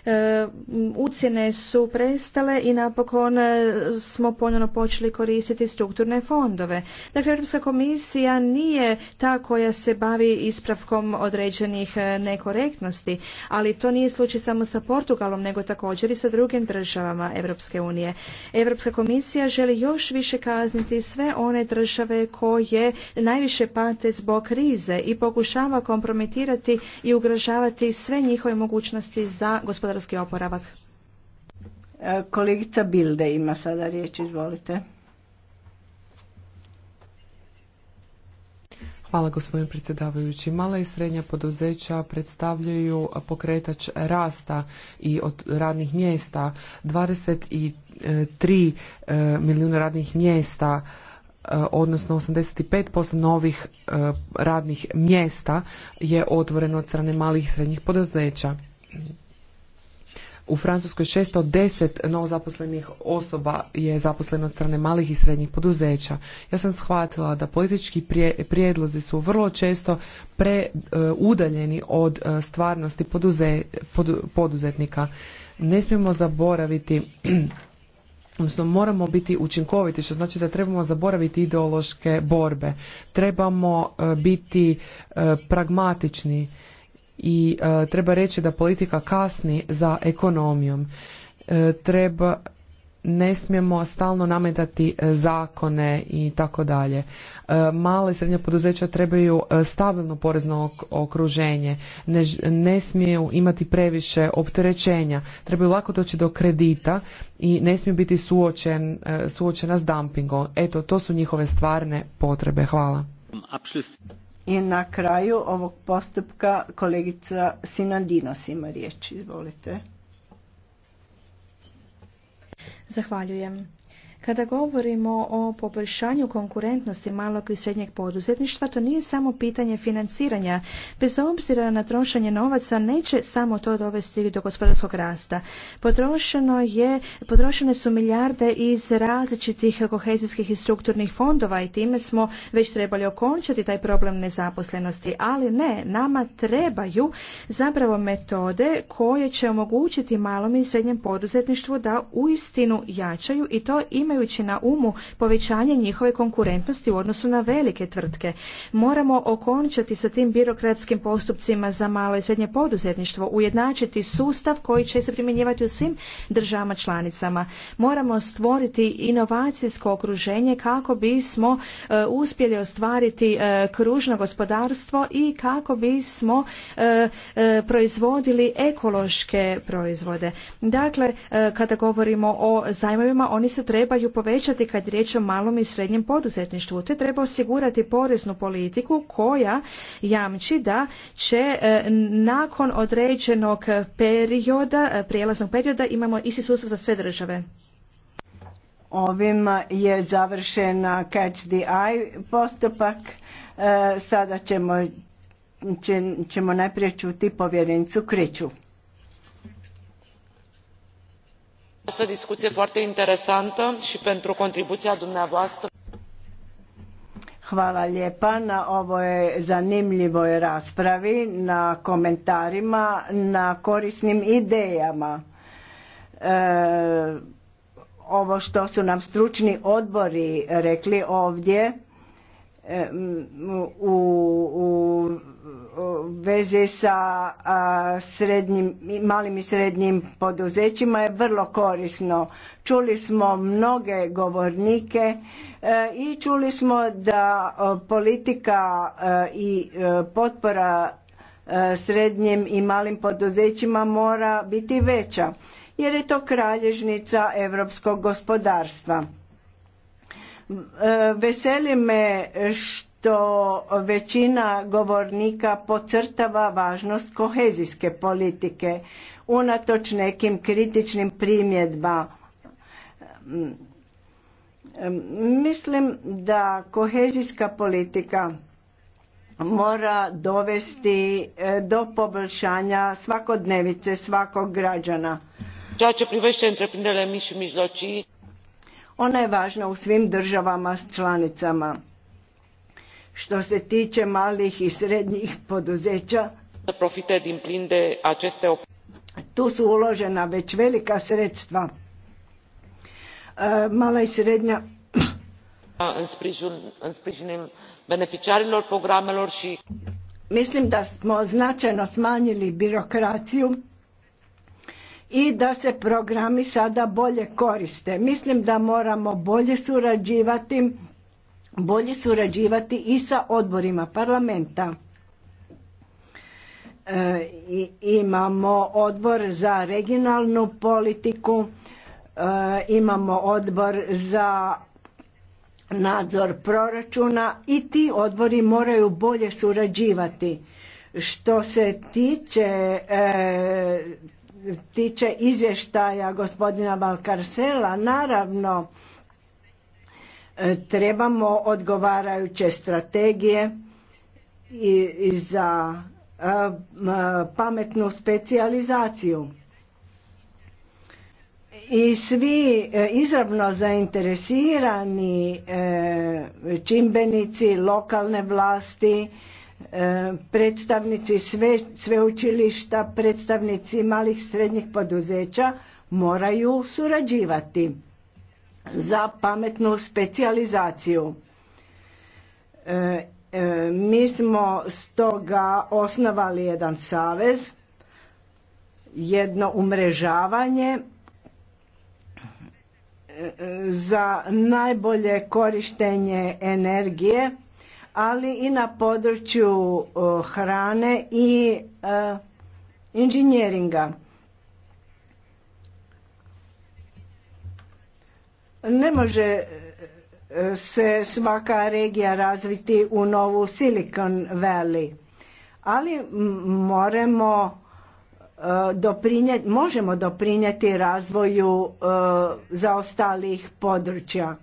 F: E, ucjene su prestale i napokon e, smo ponovno počeli koristiti strukturne fondove. Dakle, Europska komisija nije ta koja se bavi ispravkom određenih e, nekorektnosti, ali to nije slučaj samo sa Portugalom, nego također i sa drugim državama Europske unije. Europska komisija želi još više kazniti sve one države koje najviše pate zbog krize i pokušava kompromitirati i ugrožavati sve njihove mogućnosti za gospodarstvo gospodarski oporavak. E,
D: kolegica Bilde ima sada riječ, izvolite.
E: Hvala gospodine predsjedavajući. Mala i srednja poduzeća predstavljaju pokretač rasta i od radnih mjesta. 23 e, milijuna radnih mjesta e, odnosno 85% novih radnih mjesta je otvoreno od strane malih i srednjih poduzeća. U Francuskoj 610 novozaposlenih osoba je zaposleno od strane malih i srednjih poduzeća. Ja sam shvatila da politički prijedlozi su vrlo često preudaljeni e, od e, stvarnosti poduzetnika. Ne smijemo zaboraviti odnosno moramo biti učinkoviti, što znači da trebamo zaboraviti ideološke borbe. Trebamo e, biti pragmatični i e, treba reći da politika kasni za ekonomijom. E, treba ne smijemo stalno nametati e, zakone i tako dalje. Male i srednja poduzeća trebaju stabilno porezno okruženje, ne, ne smiju imati previše opterećenja, trebaju lako doći do kredita i ne smiju biti suočen, suočena s dumpingom. Eto, to su njihove stvarne potrebe. Hvala.
D: I na kraju ovog postupka kolegica Sinandinos ima riječ. Izvolite.
F: Zahvaljujem. Kada govorimo o poboljšanju konkurentnosti malog i srednjeg poduzetništva, to nije samo pitanje financiranja. Bez obzira na trošenje novaca neće samo to dovesti do gospodarskog rasta. Potrošeno je, potrošene su milijarde iz različitih kohezijskih i strukturnih fondova i time smo već trebali okončati taj problem nezaposlenosti. Ali ne, nama trebaju zapravo metode koje će omogućiti malom i srednjem poduzetništvu da uistinu jačaju i to imaju imajući na umu povećanje njihove konkurentnosti u odnosu na velike tvrtke. Moramo okončati sa tim birokratskim postupcima za malo i srednje poduzetništvo, ujednačiti sustav koji će se primjenjivati u svim državama članicama. Moramo stvoriti inovacijsko okruženje kako bismo e, uspjeli ostvariti e, kružno gospodarstvo i kako bismo e, proizvodili ekološke proizvode. Dakle, kada govorimo o zajmovima, oni se trebaju ju povećati kad je riječ o malom i srednjem poduzetništvu, te treba osigurati poreznu politiku koja jamči da će e, nakon određenog perioda, e, prijelaznog perioda imamo isti sustav za sve države.
D: Ovim je završen catch the eye postupak. E, sada ćemo, ćemo najprije čuti povjerenicu Kreću.
B: această discuție foarte interesantă și pentru contribuția dumneavoastră.
D: Hvala lijepa na ovoj zanimljivoj raspravi, na komentarima, na korisnim idejama. E, ovo što su nam stručni odbori rekli ovdje e, u, u Veze sa srednjim, malim i srednjim poduzećima je vrlo korisno. Čuli smo mnoge govornike e, i čuli smo da politika e, i e, potpora srednjim i malim poduzećima mora biti veća jer je to kralježnica europskog gospodarstva. Veseli me što to većina govornika pocrtava važnost kohezijske politike unatoč nekim kritičnim primjedbama mislim da kohezijska politika mora dovesti e, do poboljšanja svakodnevice svakog građana. Ona je važna u svim državama s članicama što se tiče malih i srednjih poduzeća, tu su uložena već velika sredstva. E, mala i srednja Mislim da smo značajno smanjili birokraciju i da se programi sada bolje koriste. Mislim da moramo bolje surađivati bolje surađivati i sa odborima parlamenta. E, i imamo odbor za regionalnu politiku, e, imamo odbor za nadzor proračuna i ti odbori moraju bolje surađivati. Što se tiče e, tiče izvještaja gospodina Valkarsela, naravno Trebamo odgovarajuće strategije i, za e, pametnu specijalizaciju. I svi e, izravno zainteresirani e, čimbenici, lokalne vlasti, predstavnici sve, sveučilišta, predstavnici malih srednjih poduzeća moraju surađivati za pametnu specijalizaciju. E, e, mi smo stoga osnovali jedan savez, jedno umrežavanje e, za najbolje korištenje energije, ali i na području hrane i inženjeringa Ne može e, se svaka regija razviti u novu Silicon Valley, ali moremo e, možemo doprinjeti razvoju e, zaostalih područja.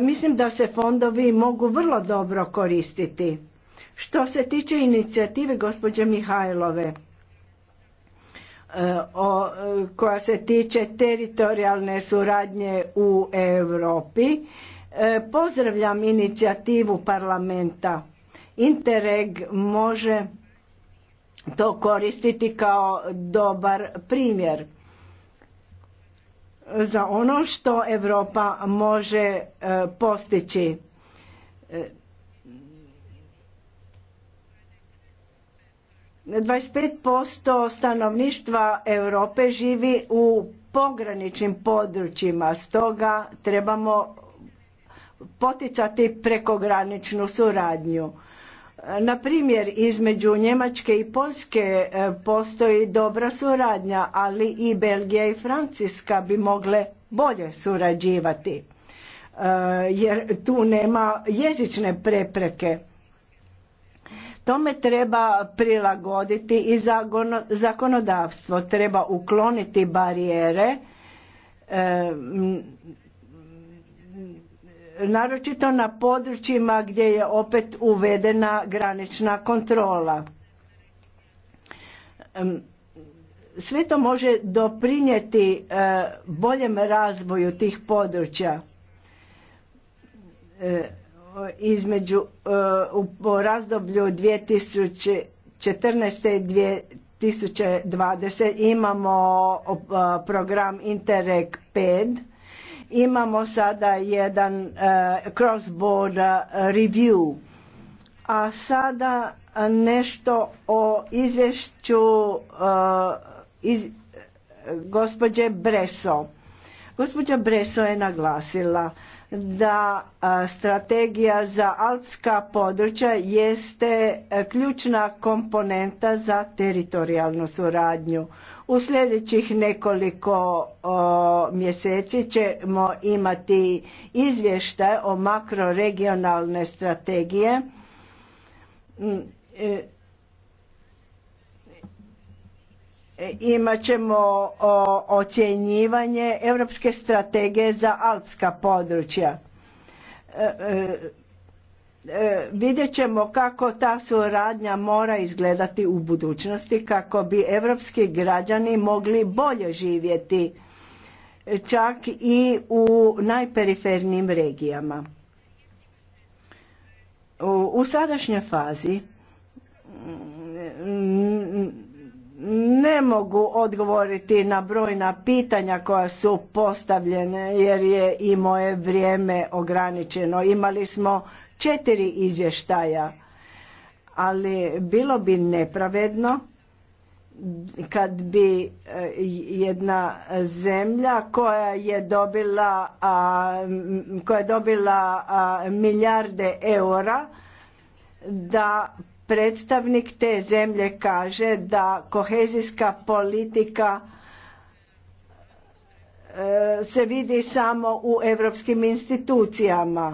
D: Mislim da se fondovi mogu vrlo dobro koristiti. Što se tiče inicijative gospođe Mihajlove, E, e, koja se tiče teritorijalne suradnje u Europi. E, pozdravljam inicijativu parlamenta. Interreg može to koristiti kao dobar primjer za ono što Europa može postići 25% stanovništva Europe živi u pograničnim područjima, stoga trebamo poticati prekograničnu suradnju. Na primjer, između Njemačke i Poljske e, postoji dobra suradnja, ali i Belgija i Francuska bi mogle bolje surađivati, e, jer tu nema jezične prepreke Tome treba prilagoditi i zakonodavstvo, treba ukloniti barijere, naročito na područjima gdje je opet uvedena granična kontrola. Sve to može doprinijeti e, boljem razvoju tih područja. E, između uh, u razdoblju 2014. i 2020 imamo uh, program Interreg 5 imamo sada jedan uh, cross border review a sada nešto o izvješću iz gospođe Breso gospođa Breso je naglasila da strategija za alpska područja jeste e, ključna komponenta za teritorijalnu suradnju. U sljedećih nekoliko mjeseci ćemo imati izvještaj o makroregionalne strategije. Mm, e, E, imat ćemo ocjenjivanje Europske strategije za alpska područja. E, e, vidjet ćemo kako ta suradnja mora izgledati u budućnosti kako bi europski građani mogli bolje živjeti čak i u najperifernijim regijama. U sadašnjoj fazi ne mogu odgovoriti na brojna pitanja koja su postavljene jer je i moje vrijeme ograničeno. Imali smo četiri izvještaja, ali bilo bi nepravedno kad bi e, jedna zemlja koja je dobila, koja je dobila milijarde eura da Predstavnik te zemlje kaže da kohezijska politika e, se vidi samo u europskim institucijama.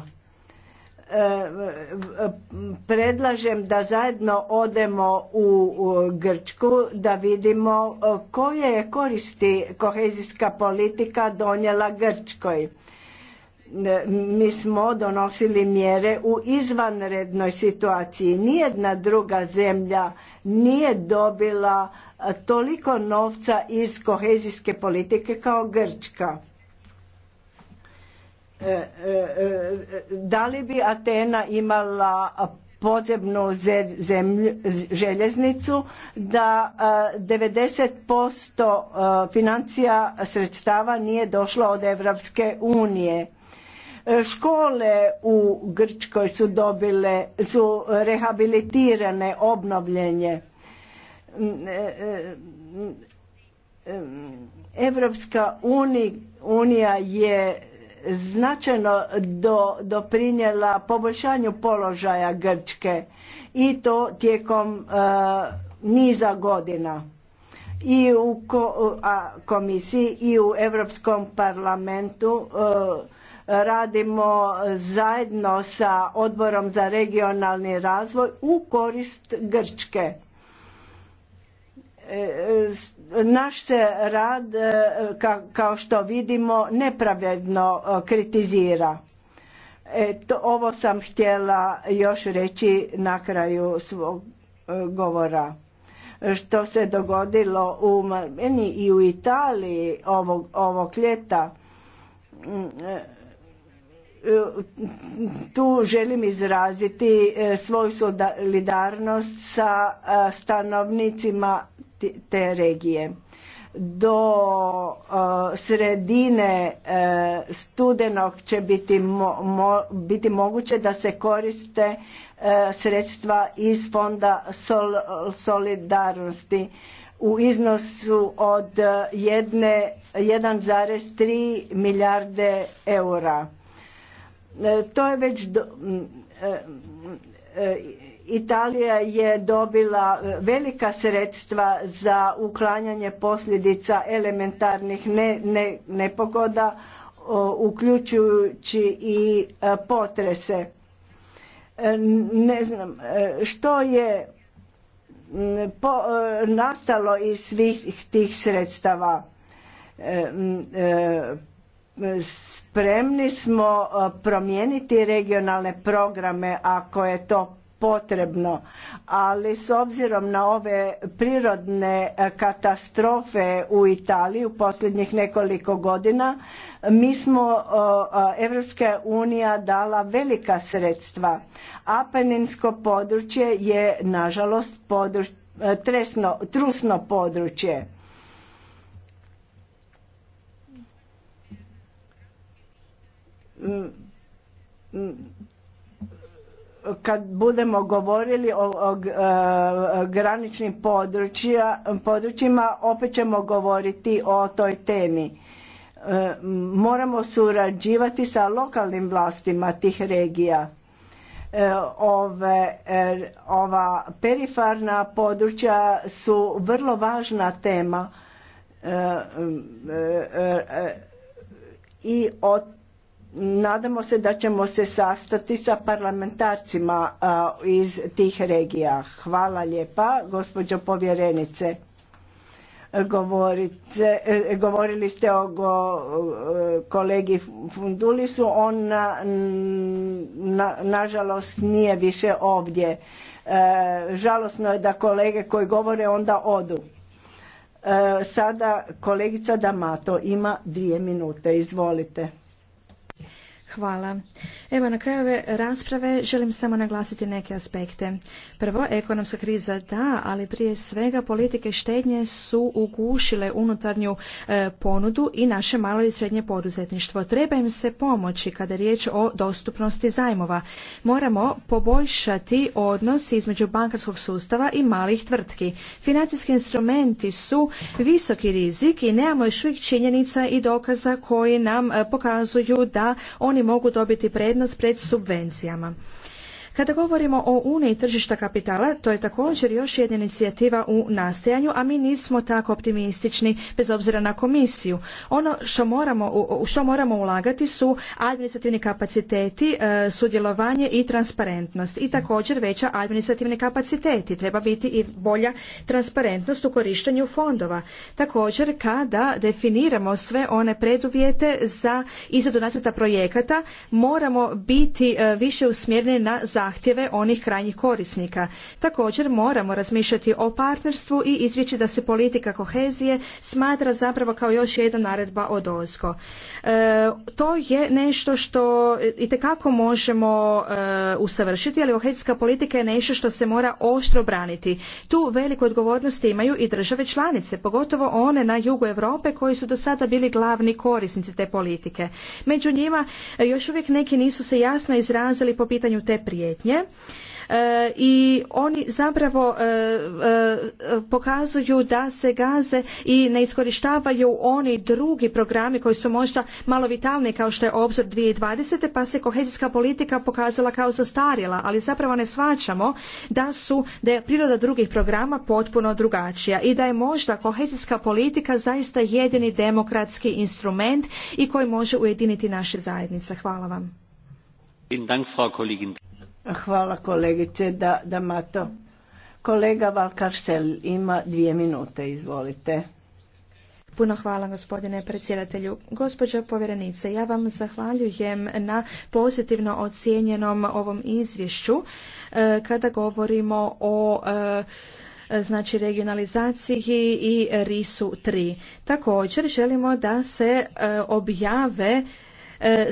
D: E, predlažem da zajedno odemo u Grčku da vidimo e, koje je koristi kohezijska politika donijela Grčkoj mi smo donosili mjere u izvanrednoj situaciji. Nijedna druga zemlja nije dobila toliko novca iz kohezijske politike kao Grčka. E, e, e, da li bi Atena imala podzemnu željeznicu da 90% financija sredstava nije došlo od Europske unije Škole u Grčkoj su dobile, su rehabilitirane, obnovljenje. Evropska unija je značajno doprinjela poboljšanju položaja Grčke i to tijekom e, niza godina i u komisiji i u Europskom parlamentu e, radimo zajedno sa odborom za regionalni razvoj u korist Grčke. E, naš se rad, e, kao što vidimo, nepravedno e, kritizira. ovo sam htjela još reći na kraju svog govora što se dogodilo u Marmeni i u Italiji ovog, ovog ljeta tu želim izraziti e, svoju solidarnost sa e, stanovnicima te regije. Do e, sredine studenog će biti, biti moguće da se koriste sredstva iz fonda solidarnosti u iznosu od 1,3 milijarde eura E, to je već e, e, Italija je dobila velika sredstva za uklanjanje posljedica elementarnih nepogoda uključujući i potrese. Ne znam što je nastalo iz svih tih sredstava spremni smo e, promijeniti regionalne programe ako je to potrebno ali s obzirom na ove prirodne e, katastrofe u Italiji u posljednjih nekoliko godina mi smo e, Evropska unija dala velika sredstva Apeninsko područje je nažalost trusno područje kad budemo govorili o, e, graničnim područjima, opet ćemo govoriti o toj temi. E, moramo surađivati sa lokalnim vlastima tih regija. E, ove, ova perifarna područja su vrlo važna tema i od Nadamo se da ćemo se sastati sa parlamentarcima iz tih regija. Hvala lijepa, gospođo povjerenice. E, govorili ste o e, kolegi Fundulisu, on nažalost nije više ovdje. E, žalosno je da kolege koji govore onda odu. Sada kolegica Damato ima dvije minute, izvolite.
F: Hvala. Evo, na kraju ove rasprave želim samo naglasiti neke aspekte. Prvo, ekonomska kriza da, ali prije svega politike štednje su ugušile unutarnju e, ponudu i naše malo i srednje poduzetništvo. Treba im se pomoći kada je riječ o dostupnosti zajmova. Moramo poboljšati odnos između bankarskog sustava i malih tvrtki. Financijski instrumenti su visoki rizik i nemamo još uvijek činjenica i dokaza koji nam e, pokazuju da oni mogu dobiti prednost nas pred subvencijama. Kada govorimo o Uniji tržišta kapitala, to je također još jedna inicijativa u nastajanju, a mi nismo tako optimistični bez obzira na komisiju. Ono što moramo, u što moramo ulagati su administrativni kapaciteti, e, sudjelovanje i transparentnost i također veća administrativni kapaciteti. Treba biti i bolja transparentnost u korištenju fondova. Također kada definiramo sve one preduvjete za izradu nacrta projekata, moramo biti e, više usmjereni na zahtjeve onih krajnjih korisnika. Također moramo razmišljati o partnerstvu i izvjeći da se politika kohezije smatra zapravo kao još jedna naredba od OZGO. E, to je nešto što itekako možemo e, usavršiti, ali kohezijska politika je nešto što se mora oštro braniti. Tu veliku odgovornost imaju i države članice, pogotovo one na jugu Europe koji su do sada bili glavni korisnici te politike. Među njima e, još uvijek neki nisu se jasno izrazili po pitanju te prije. E, i oni zapravo e, e, pokazuju da se gaze i ne iskorištavaju oni drugi programi koji su možda malo vitalni kao što je obzor 2020. pa se kohezijska politika pokazala kao zastarjela, ali zapravo ne shvaćamo da su, da je priroda drugih programa potpuno drugačija i da je možda kohezijska politika zaista jedini demokratski instrument i koji može ujediniti naše zajednice. Hvala vam.
D: Hvala kolegice da, Damato. Kolega Valkarsel ima dvije minute, izvolite.
F: Puno hvala gospodine predsjedatelju. Gospođo povjerenice, ja vam zahvaljujem na pozitivno ocijenjenom ovom izvješću e, kada govorimo o e, znači regionalizaciji i RISU 3. Također želimo da se e, objave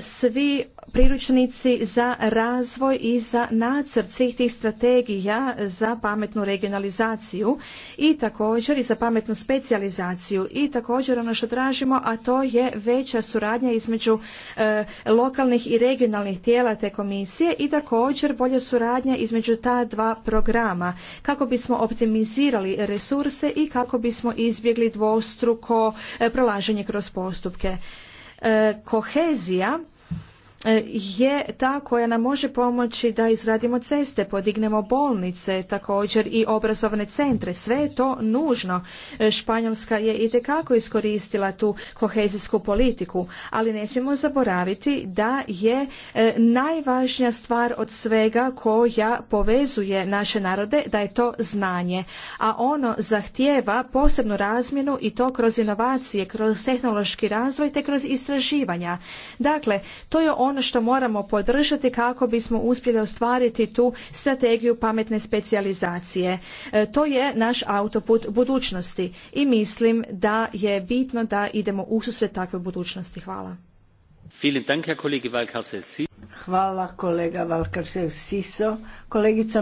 F: svi priručnici za razvoj i za nacrt svih tih strategija za pametnu regionalizaciju i također i za pametnu specijalizaciju i također ono što tražimo a to je veća suradnja između e, lokalnih i regionalnih tijela te komisije i također bolja suradnja između ta dva programa kako bismo optimizirali resurse i kako bismo izbjegli dvostruko e, prolaženje kroz postupke e, kohezija je ta koja nam može pomoći da izradimo ceste, podignemo bolnice, također i obrazovne centre. Sve je to nužno. E, Španjolska je i tekako iskoristila tu kohezijsku politiku, ali ne smijemo zaboraviti da je e, najvažnija stvar od svega koja povezuje naše narode, da je to znanje. A ono zahtijeva posebnu razmjenu i to kroz inovacije, kroz tehnološki razvoj te kroz istraživanja. Dakle, to je ono ono što moramo podržati kako bismo uspjeli ostvariti tu strategiju pametne specijalizacije. E, to je naš autoput budućnosti i mislim da je bitno da idemo ususret takve budućnosti. Hvala. Hvala kolega
D: Kolegica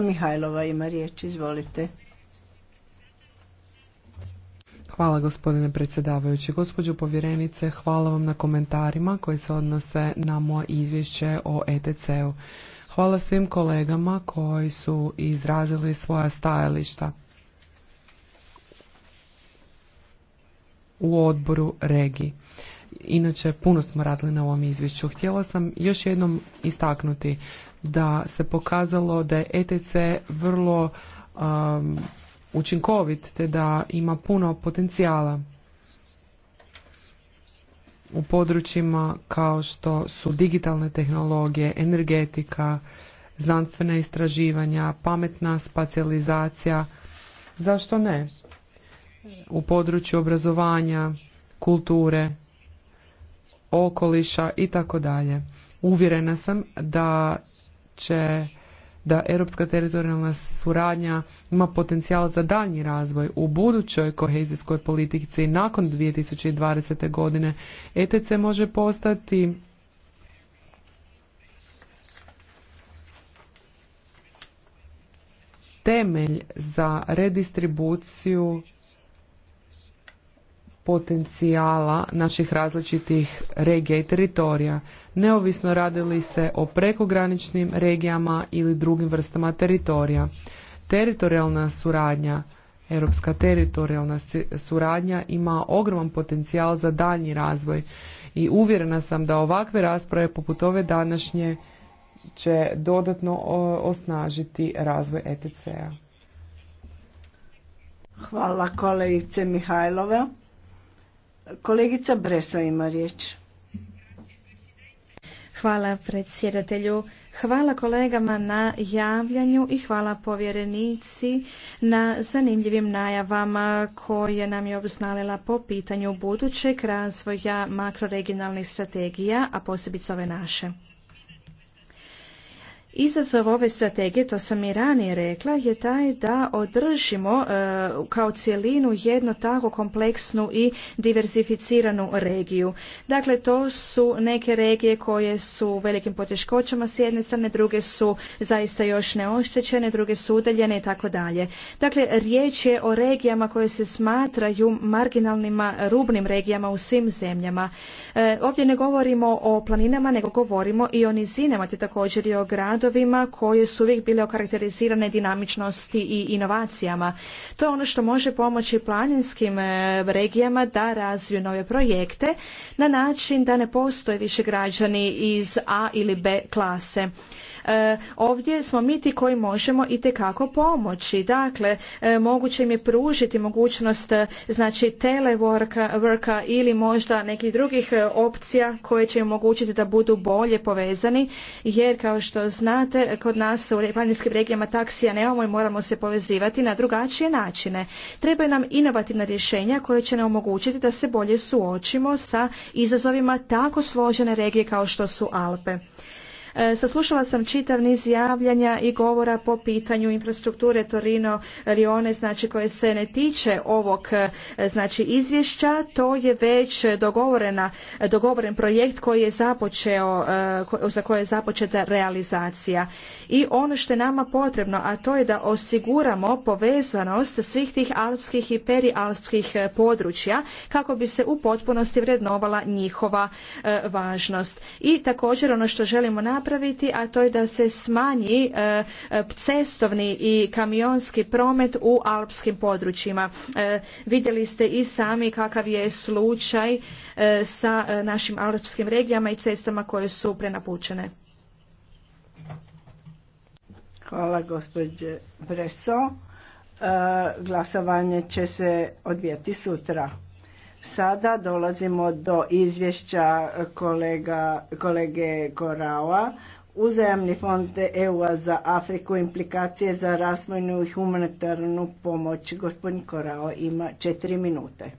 D: ima riječ, izvolite.
E: Hvala gospodine predsjedavajući. Gospođo povjerenice, hvala vam na komentarima koji se odnose na moje izvješće o ETC-u. Hvala svim kolegama koji su izrazili svoja stajališta u odboru regiji. Inače, puno smo radili na ovom izvješću. Htjela sam još jednom istaknuti da se pokazalo da je ETC vrlo um, učinkovit te da ima puno potencijala u područjima kao što su digitalne tehnologije, energetika, znanstvena istraživanja, pametna spacijalizacija, zašto ne? U području obrazovanja, kulture, okoliša i tako dalje. Uvjerena sam da će da europska teritorijalna suradnja ima potencijal za daljnji razvoj. U budućoj kohezijskoj politici nakon 2020. godine ETC može postati temelj za redistribuciju potencijala naših različitih regija i teritorija, neovisno radili se o prekograničnim regijama ili drugim vrstama teritorija. Teritorijalna suradnja, europska teritorijalna suradnja ima ogroman potencijal za daljnji razvoj i uvjerena sam da ovakve rasprave poput ove današnje će dodatno osnažiti razvoj ETC-a.
D: Hvala kolegice Mihajlova. Kolegica Bresa ima riječ.
F: Hvala predsjedatelju. Hvala kolegama na javljanju i hvala povjerenici na zanimljivim najavama koje nam je obznalila po pitanju budućeg razvoja makroregionalnih strategija, a posebice ove naše. Izazov ove strategije, to sam i ranije rekla, je taj da održimo e, kao cjelinu jednu tako kompleksnu i diversificiranu regiju. Dakle, to su neke regije koje su u velikim poteškoćama s jedne strane, druge su zaista još neoštećene, druge su udaljene i tako dalje. Dakle, riječ je o regijama koje se smatraju marginalnima, rubnim regijama u svim zemljama. E, ovdje ne govorimo o planinama, nego govorimo i o nizinama, te također i o gradu gradovima koje su uvijek bile okarakterizirane dinamičnosti i inovacijama. To je ono što može pomoći planinskim e, regijama da razviju nove projekte na način da ne postoje više građani iz A ili B klase. E, ovdje smo mi ti koji možemo i tekako pomoći. Dakle, e, moguće im je pružiti mogućnost znači teleworka ili možda nekih drugih opcija koje će im omogućiti da budu bolje povezani jer kao što znamo znate, kod nas u planinskim regijama taksija nemamo i moramo se povezivati na drugačije načine. Trebaju nam inovativna rješenja koje će nam omogućiti da se bolje suočimo sa izazovima tako složene regije kao što su Alpe. E, saslušala sam čitav niz javljanja i govora po pitanju infrastrukture Torino Rione, znači koje se ne tiče ovog e, znači izvješća, to je već dogovorena, dogovoren projekt koji je započeo, e, za koje je započeta realizacija. I ono što je nama potrebno, a to je da osiguramo povezanost svih tih alpskih i perialpskih područja kako bi se u potpunosti vrednovala njihova važnost. I također ono što želimo napraviti napraviti, a to je da se smanji e, e, cestovni i kamionski promet u alpskim područjima. E, vidjeli ste i sami kakav je slučaj sa našim alpskim regijama i cestama koje su prenapučene.
D: Hvala gospođe Breso. glasovanje će se odvijati sutra. Sada dolazimo do izvješća kolega, kolege Koraoa. Uzajamni fond EU-a za Afriku, implikacije za razvojnu i humanitarnu pomoć. Gospodin Korao ima četiri minute.